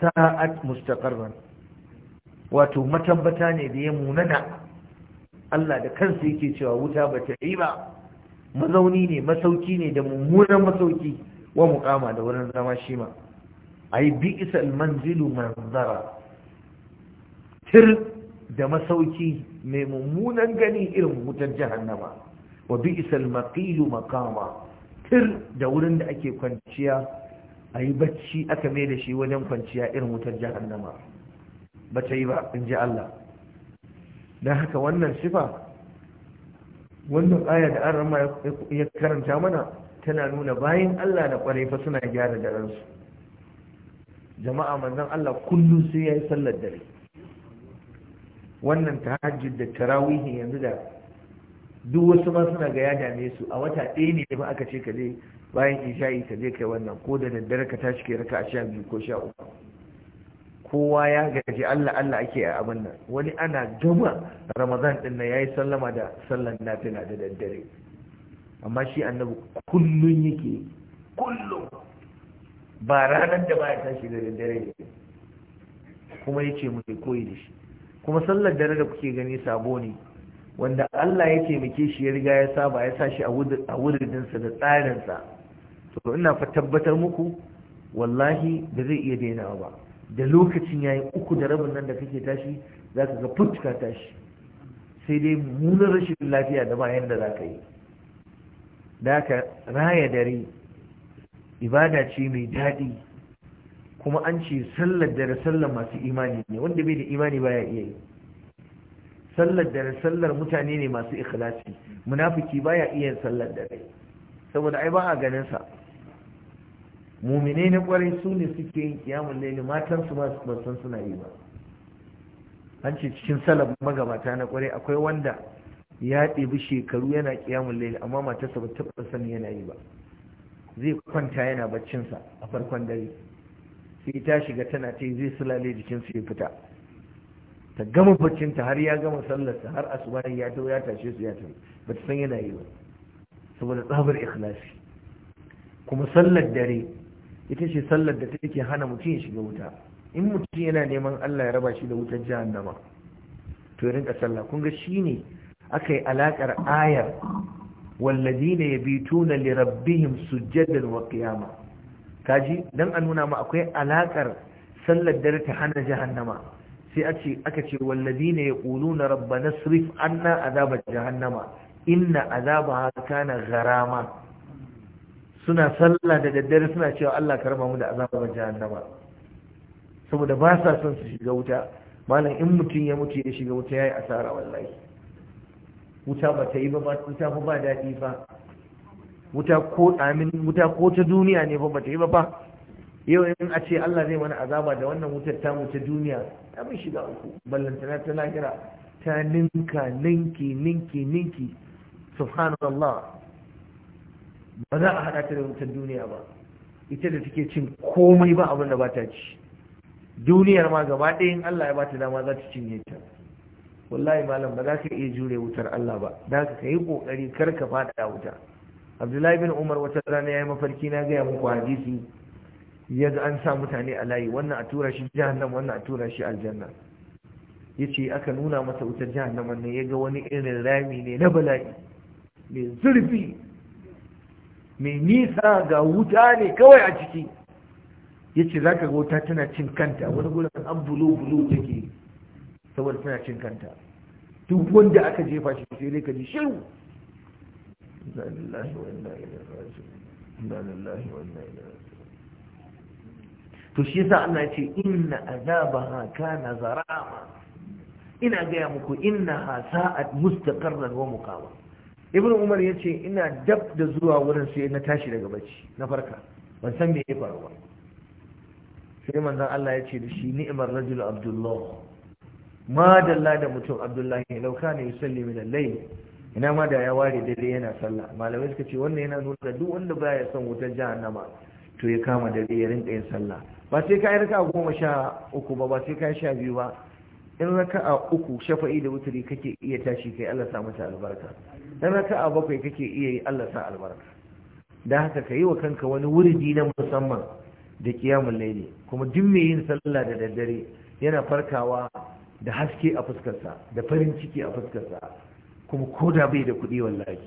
sa'at mustaqarran wato matabbata ne da ya munana Allah da kansa yake cewa wuta ba ta yi ba mazauni ne masauki ne da mummunan masauki wa muqama da wurin zama shi ma ai bi isal manzilu manzara tir da masauki mai mummunan gani irin wutar jahannama wa bi'sal maqilu maqama tir da wurin da ake kwanciya ayi bacci aka mai da shi wajen kwanciya irin wutar jahannama ba ta yi ba in ji Allah dan haka wannan sifa wannan aya da an rama ya karanta mana tana nuna bayan Allah da kwarai fa suna gyara da ransu jama'a manzon Allah kullum sai yayi sallar dare wannan tahajjud da tarawih yanzu da duk wasu ma suna ga ya dame su a wata ɗaya ne ba aka ce ka je bayan isha'i ka je kai wannan ko da daddare ka tashi kai raka a sha biyu ko sha uku kowa ya gaji Allah Allah ake a abin nan wani ana gama ramadan din nan yayi sallama da sallan nafila da daddare amma shi annabi kullun yake kullum ba ranar da ba ya tashi da daddare kuma yace mu koyi da shi kuma sallar dare da kuke gani sabo ne wanda Allah ya taimake shi ya riga ya saba ya sa shi a wuridinsa da tsarinsa to ina fa tabbatar muku wallahi da zai iya daina ba da lokacin ya yi uku da rabin nan da kake tashi za ka ga fuska tashi sai dai munar rashin lafiya da bayan da za ka yi da ka raya dare ibada ce mai daɗi kuma an ce sallar dare sallar masu imani ne wanda bai da imani ba ya iya yi sallar dare sallar mutane ne masu ikhlasi munafiki ya iya sallar dare saboda ai ba a ganin sa mumine na kwarai su ne suke yin kiyamun laili matan su ba su san suna yi ba an ce cikin sallar magabata na kwarai akwai wanda ya ɗebi shekaru yana kiyamun laili amma matarsa ba taɓa sani yana yi ba zai kwanta yana baccinsa a farkon dare sai ta shiga tana ta zai sulale jikin su ya fita ta gama baccinta har ya gama sallarsa har asuba ya to ya tashe su ya tafi ba ta san yana yi ba saboda tsabar ikhlasi kuma sallar dare ita ce sallar da take hana mutum ya shiga wuta in mutum yana neman Allah ya raba shi da wutar jihar nama. to ya rinka sallah kun ga ne aka yi alakar ayar والذين lirabbihim لربهم wa وقياما kaji dan a nuna mu akwai alakar sallar dare ta hana jahannama sai a ce aka ce wallazina yaquluna rabbana srif anna azaba jahannama inna azabaha kana gharama suna sallah da daddare suna cewa Allah ka mu da azabar jahannama saboda ba sa son su shiga wuta malam in mutum ya mutu ya shiga wuta yayi asara wallahi wuta ba ta yi ba wuta ba daɗi ba wuta ko ta duniya ne fa bata yi ba fa yau in a ce Allah zai mana azaba da wannan wutar ta mu ta duniya ta mun shiga uku ballantana ta lahira ta ninka ninki ninki ninki subhanallah ba za a hada ta da wutar duniya ba ita da take cin komai ba abin da ba ta ci duniyar ma gaba ɗayan Allah ya ba ta dama za ta cinye ta wallahi malam ba za ka iya jure wutar Allah ba da ka yi kokari kar ka fada wuta abdullahi bin umar wata rana ya yi mafarki na gaya muku hadisi ga an sa mutane a layi wannan a tura shi jahannam wannan a tura shi aljanna ya ce aka nuna masa wutar jahannam wannan ya ga wani irin rami ne na bala'i mai zurfi mai nisa ga wuta ne kawai a ciki ya ce za ka ga wuta tana cin kanta wani gudun an bulu-bulu take saboda tana cin kanta duk wanda aka jefa shi sai dai ka ji shiru to shi yasa Allah ya ce inna azabaha kana zarama ina gaya muku innaha sa'at mustaqarran wa muqama ibnu umar yace ina dab da zuwa wurin sai na tashi daga bacci na farka ban san me ya faru ba sai manzon Allah yace da shi ni'mar rajul abdullah ma dalla da mutum abdullahi law kana yusalli min al-layl ina ma da ya ware dare yana sallah malamai suka ce wannan yana nuna duk wanda ba ya son wutar jahannama to ya kama dare ya rinka yin sallah ba sai ka yi raka goma sha uku ba ba sai ka yi sha biyu ba in raka a uku shafa'i da wuturi kake iya tashi kai Allah sa mata albarka in raka a bakwai kake iya yi Allah sa albarka da haka ka yi wa kanka wani wurdi na musamman da kiyamun laili kuma duk mai yin sallah da daddare yana farkawa da haske a fuskarsa da farin ciki a fuskarsa kuma ko da bai da kuɗi wallahi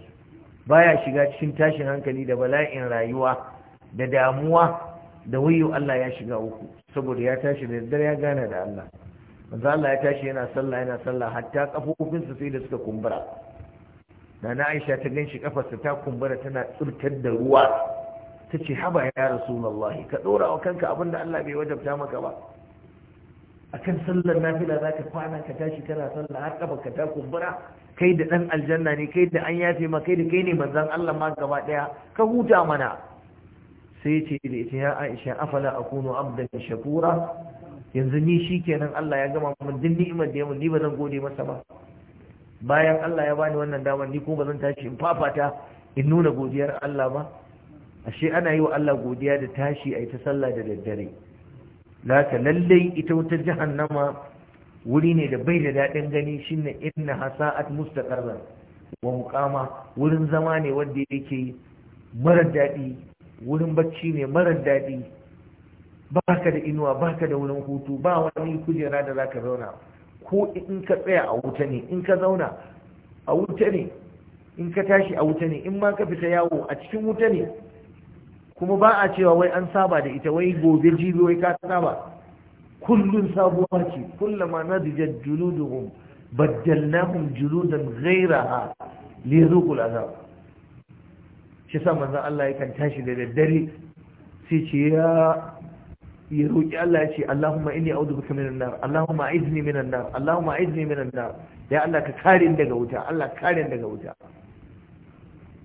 baya shiga cikin tashin hankali da bala'in rayuwa da damuwa da wayo Allah ya shiga uku saboda ya tashi da daddare ya gane da Allah manzo Allah ya tashi yana sallah yana sallah hatta kafofinsa sai da suka kumbura Nana Aisha ta ganshi kafarsa ta kumbura tana tsirtar da ruwa ta ce haba ya rasulullahi ka dora wa kanka abin da Allah bai wajabta maka ba akan sallar nafila zaka kwana ka tashi kana sallah har kafarka ta kumbura kai da ɗan aljanna ne kai da an yafe ma kai da kai ne manzan Allah ma gaba ɗaya ka huta mana sai ce da ita ya Aisha afala akunu abdan shakura yanzu ni shikenan Allah ya gama mun din ni'imar da ya ni ba zan gode masa ba bayan Allah ya bani wannan damar ni ko ba zan tashi in fafata in nuna godiyar Allah ba ashe ana yi wa Allah godiya da tashi a ta sallah da daddare laka lallai ita wata jahannama wuri ne da bai da daɗin gani shine inna hasa'at mustaqarra wa muqama wurin zama ne wanda yake marar daɗi wurin bacci ne marar daɗi baka da inuwa baka da wurin hutu ba wani kujera da zaka zauna ko in ka tsaya a wuta ne in ka zauna a wuta ne in ka tashi a wuta ne in ma ka fita yawo a cikin wuta ne kuma ba a cewa wai an saba da ita wai gobe jibi wai ka saba kullun sabuwa ce na kullama nadijat juluduhum baddalnahum juludan ghayraha lizuqul azab shi sa manzon Allah yakan tashi da daddare sai ce ya ya roƙi Allah ya ce Allahumma inni a'udhu bika minan nar Allahumma a'izni minan nar Allahumma izini minan nar ya Allah ka kare ni daga wuta Allah ka kare ni daga wuta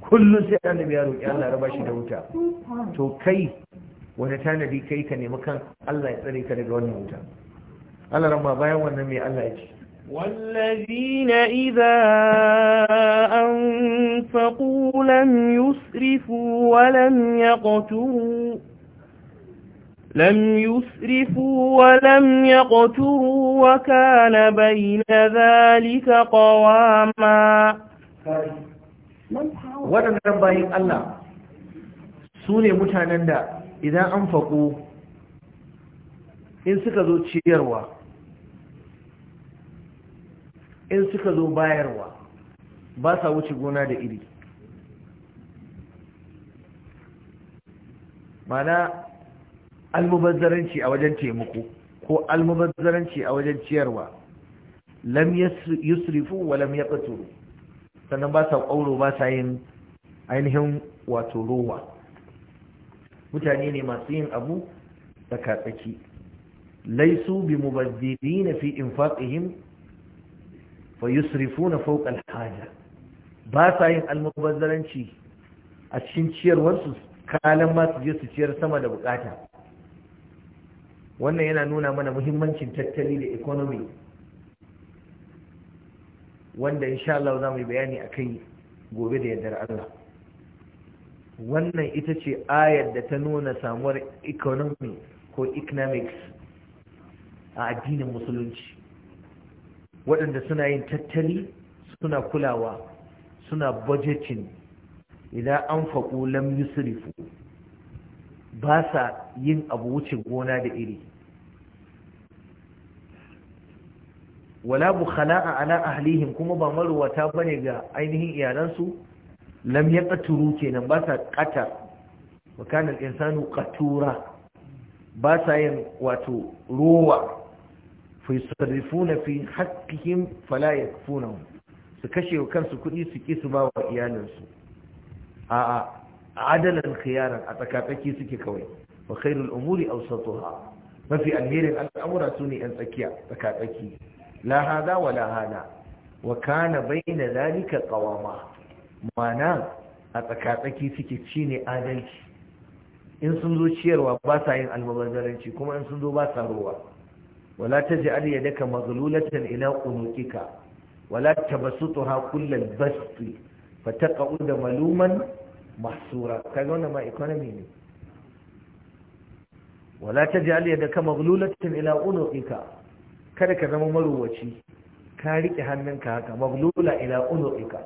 kullum sai annabi ya roƙi Allah ya raba shi da wuta to kai wani tanadi kai ka nemi kan Allah ya tsare ka daga wannan wuta Allah ramma bayan wannan mai Allah ya ce والذين إذا أنفقوا لم يسرفوا ولم يقتروا لم يسرفوا ولم يقتروا وكان بين ذلك قواما waɗannan bayan Allah su ne mutanen da idan an faƙo in suka zo ciyarwa in suka zo bayarwa ba sa wuce gona da iri mana almubazzaranci a wajen taimako ko almubazzaranci a wajen ciyarwa lam yusrifu wa lam yaqturu sannan ba sa ƙauro ba sa yin ainihin wato rowa mutane ne masu yin abu tsakatsaki laisu bi na fi infaqihim fa yusrifuna fawqa al-haja ba sa yin almubazzaranci a cikin ciyarwarsu kalan ma su je su ciyar sama da bukata wannan yana nuna mana muhimmancin tattali da economy wanda insha Allah za mu yi bayani akai gobe da yardar Allah wannan ita ce ayar da ta nuna samuwar economy ko economics a addinin musulunci waɗanda suna yin tattali suna kulawa suna budgeting idan an faƙo lam yusrifu ba sa yin abu wuce gona da iri wala bu khala'a ala ahlihim kuma ba maruwata bane ga ainihin iyalansu lam ya ƙaturu kenan ba sa ƙata wa kanar insanu ƙatura ba sa yin wato rowa fi sarrifuna fi haƙƙihim fala ya su kashe kansu kuɗi su ƙi su ba wa iyalinsu a adalan khiyaran a tsakatsaki suke kawai wa khairul umuri awsatuha mafi alherin al'amura su ne yan tsakiya tsakatsaki la hada wa la hada wa kana bayna zalika qawama mana a tsakatsaki suke ci ne adalci in sun zo ciyarwa ba sa yin almabazaranci kuma in sun zo ba sa ruwa wala ta ji taj'al daga mazalulatan ila kunukika wala ta basu tabassutha kullal basti da maluman raka. kaga wannan ma economy ne wala ta ji taj'al daga mazalulatan ila kunukika kada ka zama maruwaci ka riƙe hannunka haka mazalula ila kunukika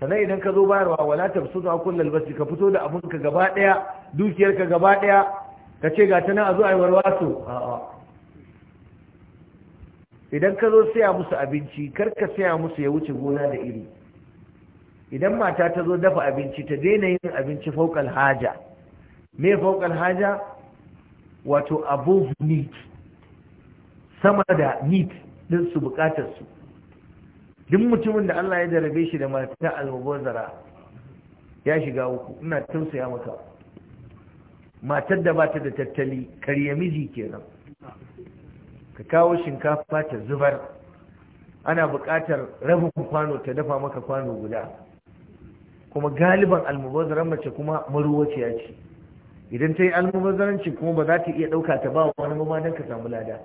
sannan idan ka zo bayarwa wala ta a akul albasi ka fito da abun ka gaba daya dukiyar gaba daya ka ce ga tana a zo yi warwa a'a idan ka zo saya musu abinci kar ka saya musu ya wuce gona da iri idan mata ta zo dafa abinci ta daina yin abinci faukal haja me faukal haja wato above need sama da need din su bukatar su duk mutumin da Allah ya jarabe shi da mata almubazara ya shiga uku ina tausaya maka matar da bata da tattali karya miji kenan ka kawo shinkafa ta zubar ana buƙatar rabin kwano ta dafa maka kwano guda kuma galiban almubazaran mace kuma ya ce idan ta yi almubazaranci kuma ba za ta iya ɗauka ta ba wani mamadan ka samu lada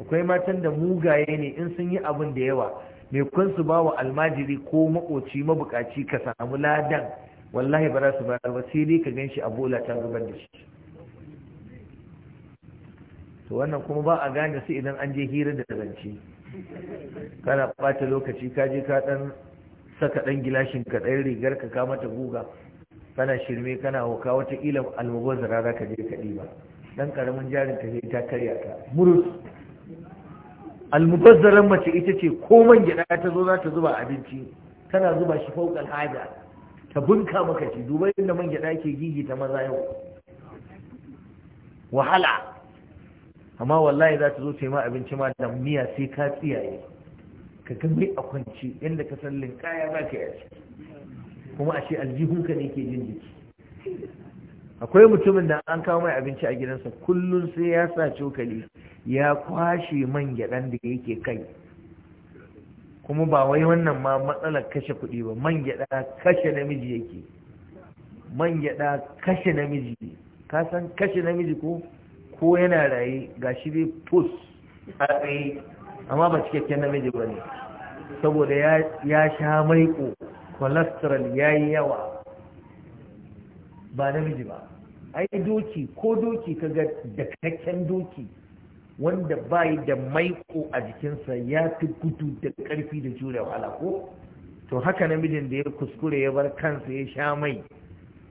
akwai matan da mugaye ne in sun yi abin da yawa mai kun su ba wa almajiri ko makoci mabukaci ka samu ladan wallahi ba za su bayar ba sai dai ka gan shi a bola ta zubar da shi to wannan kuma ba a gane su idan an je hira da zance kana bata lokaci ka je ka ɗan saka ɗan gilashin ka dan rigar ka ka mata guga kana shirme kana wata wataƙila almubazara za ka je ka diba ɗan ƙaramin jarin ka ta karya ka murus almubazzaran mace ita ce ko man ta zo za ta zuba abinci tana zuba shi fauƙal haja ta bunka maka ci, duba inda man gyaɗa ke gigi ta maza yau wahala amma wallahi za ta zo ta ma abinci ma da miya sai ka tsiyaye ka ga mai a kwanci inda ka sallin kaya za ka yi kuma ashe aljihunka ne ke jin jiki akwai mutumin da an kawo mai abinci a gidansa kullum sai ya sa cokali ya kwashe man gyaɗan da yake kai kuma ba wai wannan ma matsalar kashe kuɗi ba man gyaɗa kashe namiji yake man gyaɗa kashe namiji ka san kashe namiji ko ko yana raye ga shi dai pus a tsaye amma ba cikakken namiji ba ne saboda ya sha maiko cholesterol ya yi yawa ba namiji ba ai doki ko doki ka ga dakakken doki wanda bai da maiko a jikinsa ya fi gudu da ƙarfi da jure wala ko to haka namijin da ya kuskure ya bar kansa ya sha mai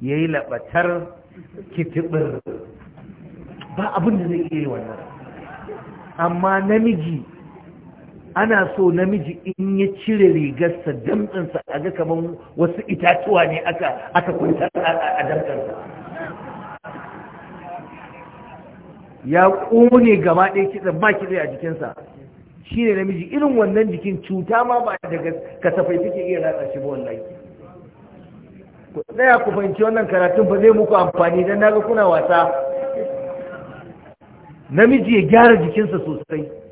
ya yi laɓatar kitibir ba abin zai iya yi wannan amma namiji ana so namiji in ya cire rigarsa damtsinsa a ga kamar wasu itatuwa ne aka aka kwanta a damtsinsa ya kone gaba ɗaya kitsan ba kitse a jikinsa shi ne namiji irin wannan jikin cuta ma ba daga kasafai take iya ratsa shi ba wallahi ku tsaya ku fahimci wannan karatun ba zai muku amfani dan naga kuna wasa namiji ya gyara jikinsa sosai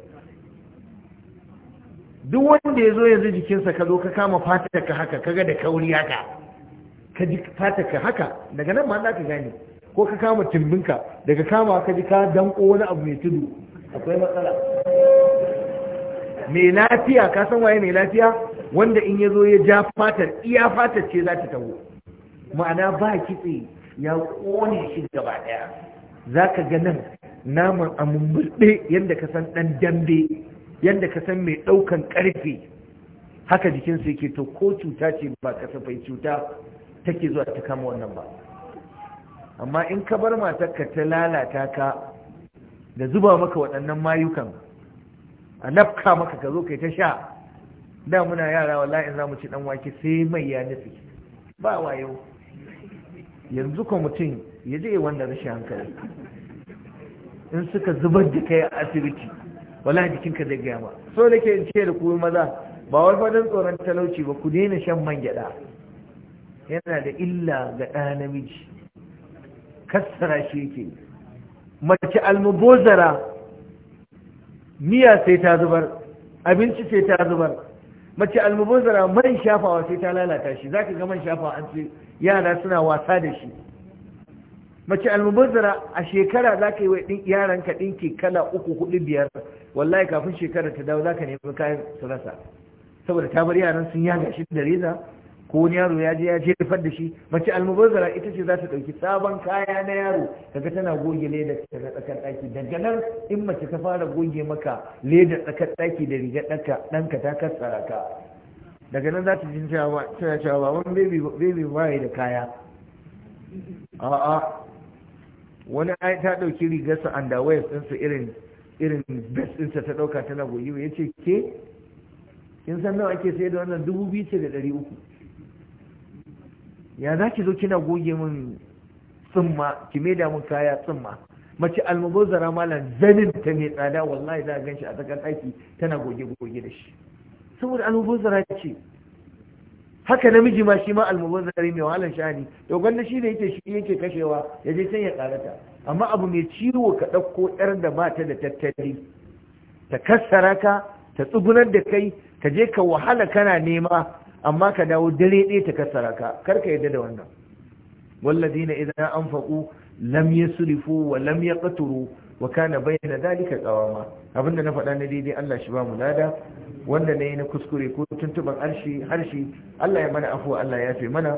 duk wanda ya zo yanzu jikinsa ka zo ka kama fatarka haka ka ga da kauri haka ka ji fatarka haka daga nan ma za ka gane ko ka kama tumbinka daga kama ka ji ka danko wani abu mai tudu akwai matsala mai lafiya ka san waye mai lafiya wanda in ya zo ya ja fatar iya fatar ce za ta taho ma'ana ba kitse ya kone shi gaba daya za ka ga nan naman a mummurɗe yadda ka san ɗan dambe yadda ka san mai ɗaukan ƙarfe haka jikinsa yake to ko cuta ce ba kasafai cuta take zuwa ta kama wannan ba amma in ka bar matarka ta lalata ka da zuba maka waɗannan mayukan a nafka maka ka zo kai ta sha da muna yara wa la'in za mu ci dan wake sai mai ya nufi ba wayo yanzu ko mutum ya je wanda rashin hankali in suka zubar da kai a asibiti Wala jikinka zai gaya ma so da ke ce da ku maza ba wai fadan tsoron talauci ba ku daina shan man gyada yana da illa ga ɗa namiji kassara shi yake mace almubozara miya sai ta zubar abinci sai ta zubar mace almubozara man shafawa sai ta lalata shi zaka ga man shafawa an ce yara suna wasa da shi mace almubozara a shekara za ka yi wa yaranka ɗinki kala uku hudu biyar wallahi kafin shekara ta dawo zaka nemi kayan su rasa saboda ta bar yaran sun yaga shi da reza ko wani yaro ya je ya jefar da shi mace almubazzara ita ce za ta ɗauki sabon kaya na yaro kaga tana goge leda ta tsakar ɗaki daga nan in mace ta fara goge maka leda tsakar ɗaki da rigar ɗanka ɗanka ta kassara ka daga nan za ta jin cewa cewa wani baby bayi da kaya a'a wani ai ta ɗauki rigarsa andawayas ɗinsu irin irin best ɗinsa ta ɗauka tana goyi ya ce ke kin san nawa ake sayar da wannan dubu biyu ce da ɗari uku ya za ki zo kina goge min tsumma ki da min kaya tsumma mace almubazara malam zanin ta mai tsada wallahi za a gan shi a tsakar ɗaki tana goge goge da shi saboda almubazara ce haka namiji ma shi ma almubazari mai wahalar shani to gwanda shi ne yake shi yake kashewa ya je can ya karata amma abu mai ciwo ka ɗauko ƴar da ba ta da tattali ta kassara ka ta tsugunar da kai ka je ka wahala kana nema amma ka dawo dare ɗaya ta kassara ka kar ka yadda da wannan na idan anfaqu lam yusrifu wa lam ƙaturu, wa kana bayna dhalika qawama abinda na faɗa na daidai Allah shi ba mu lada wanda nayi na kuskure ko tuntuban harshe harshe Allah ya mana afuwa Allah ya yafe mana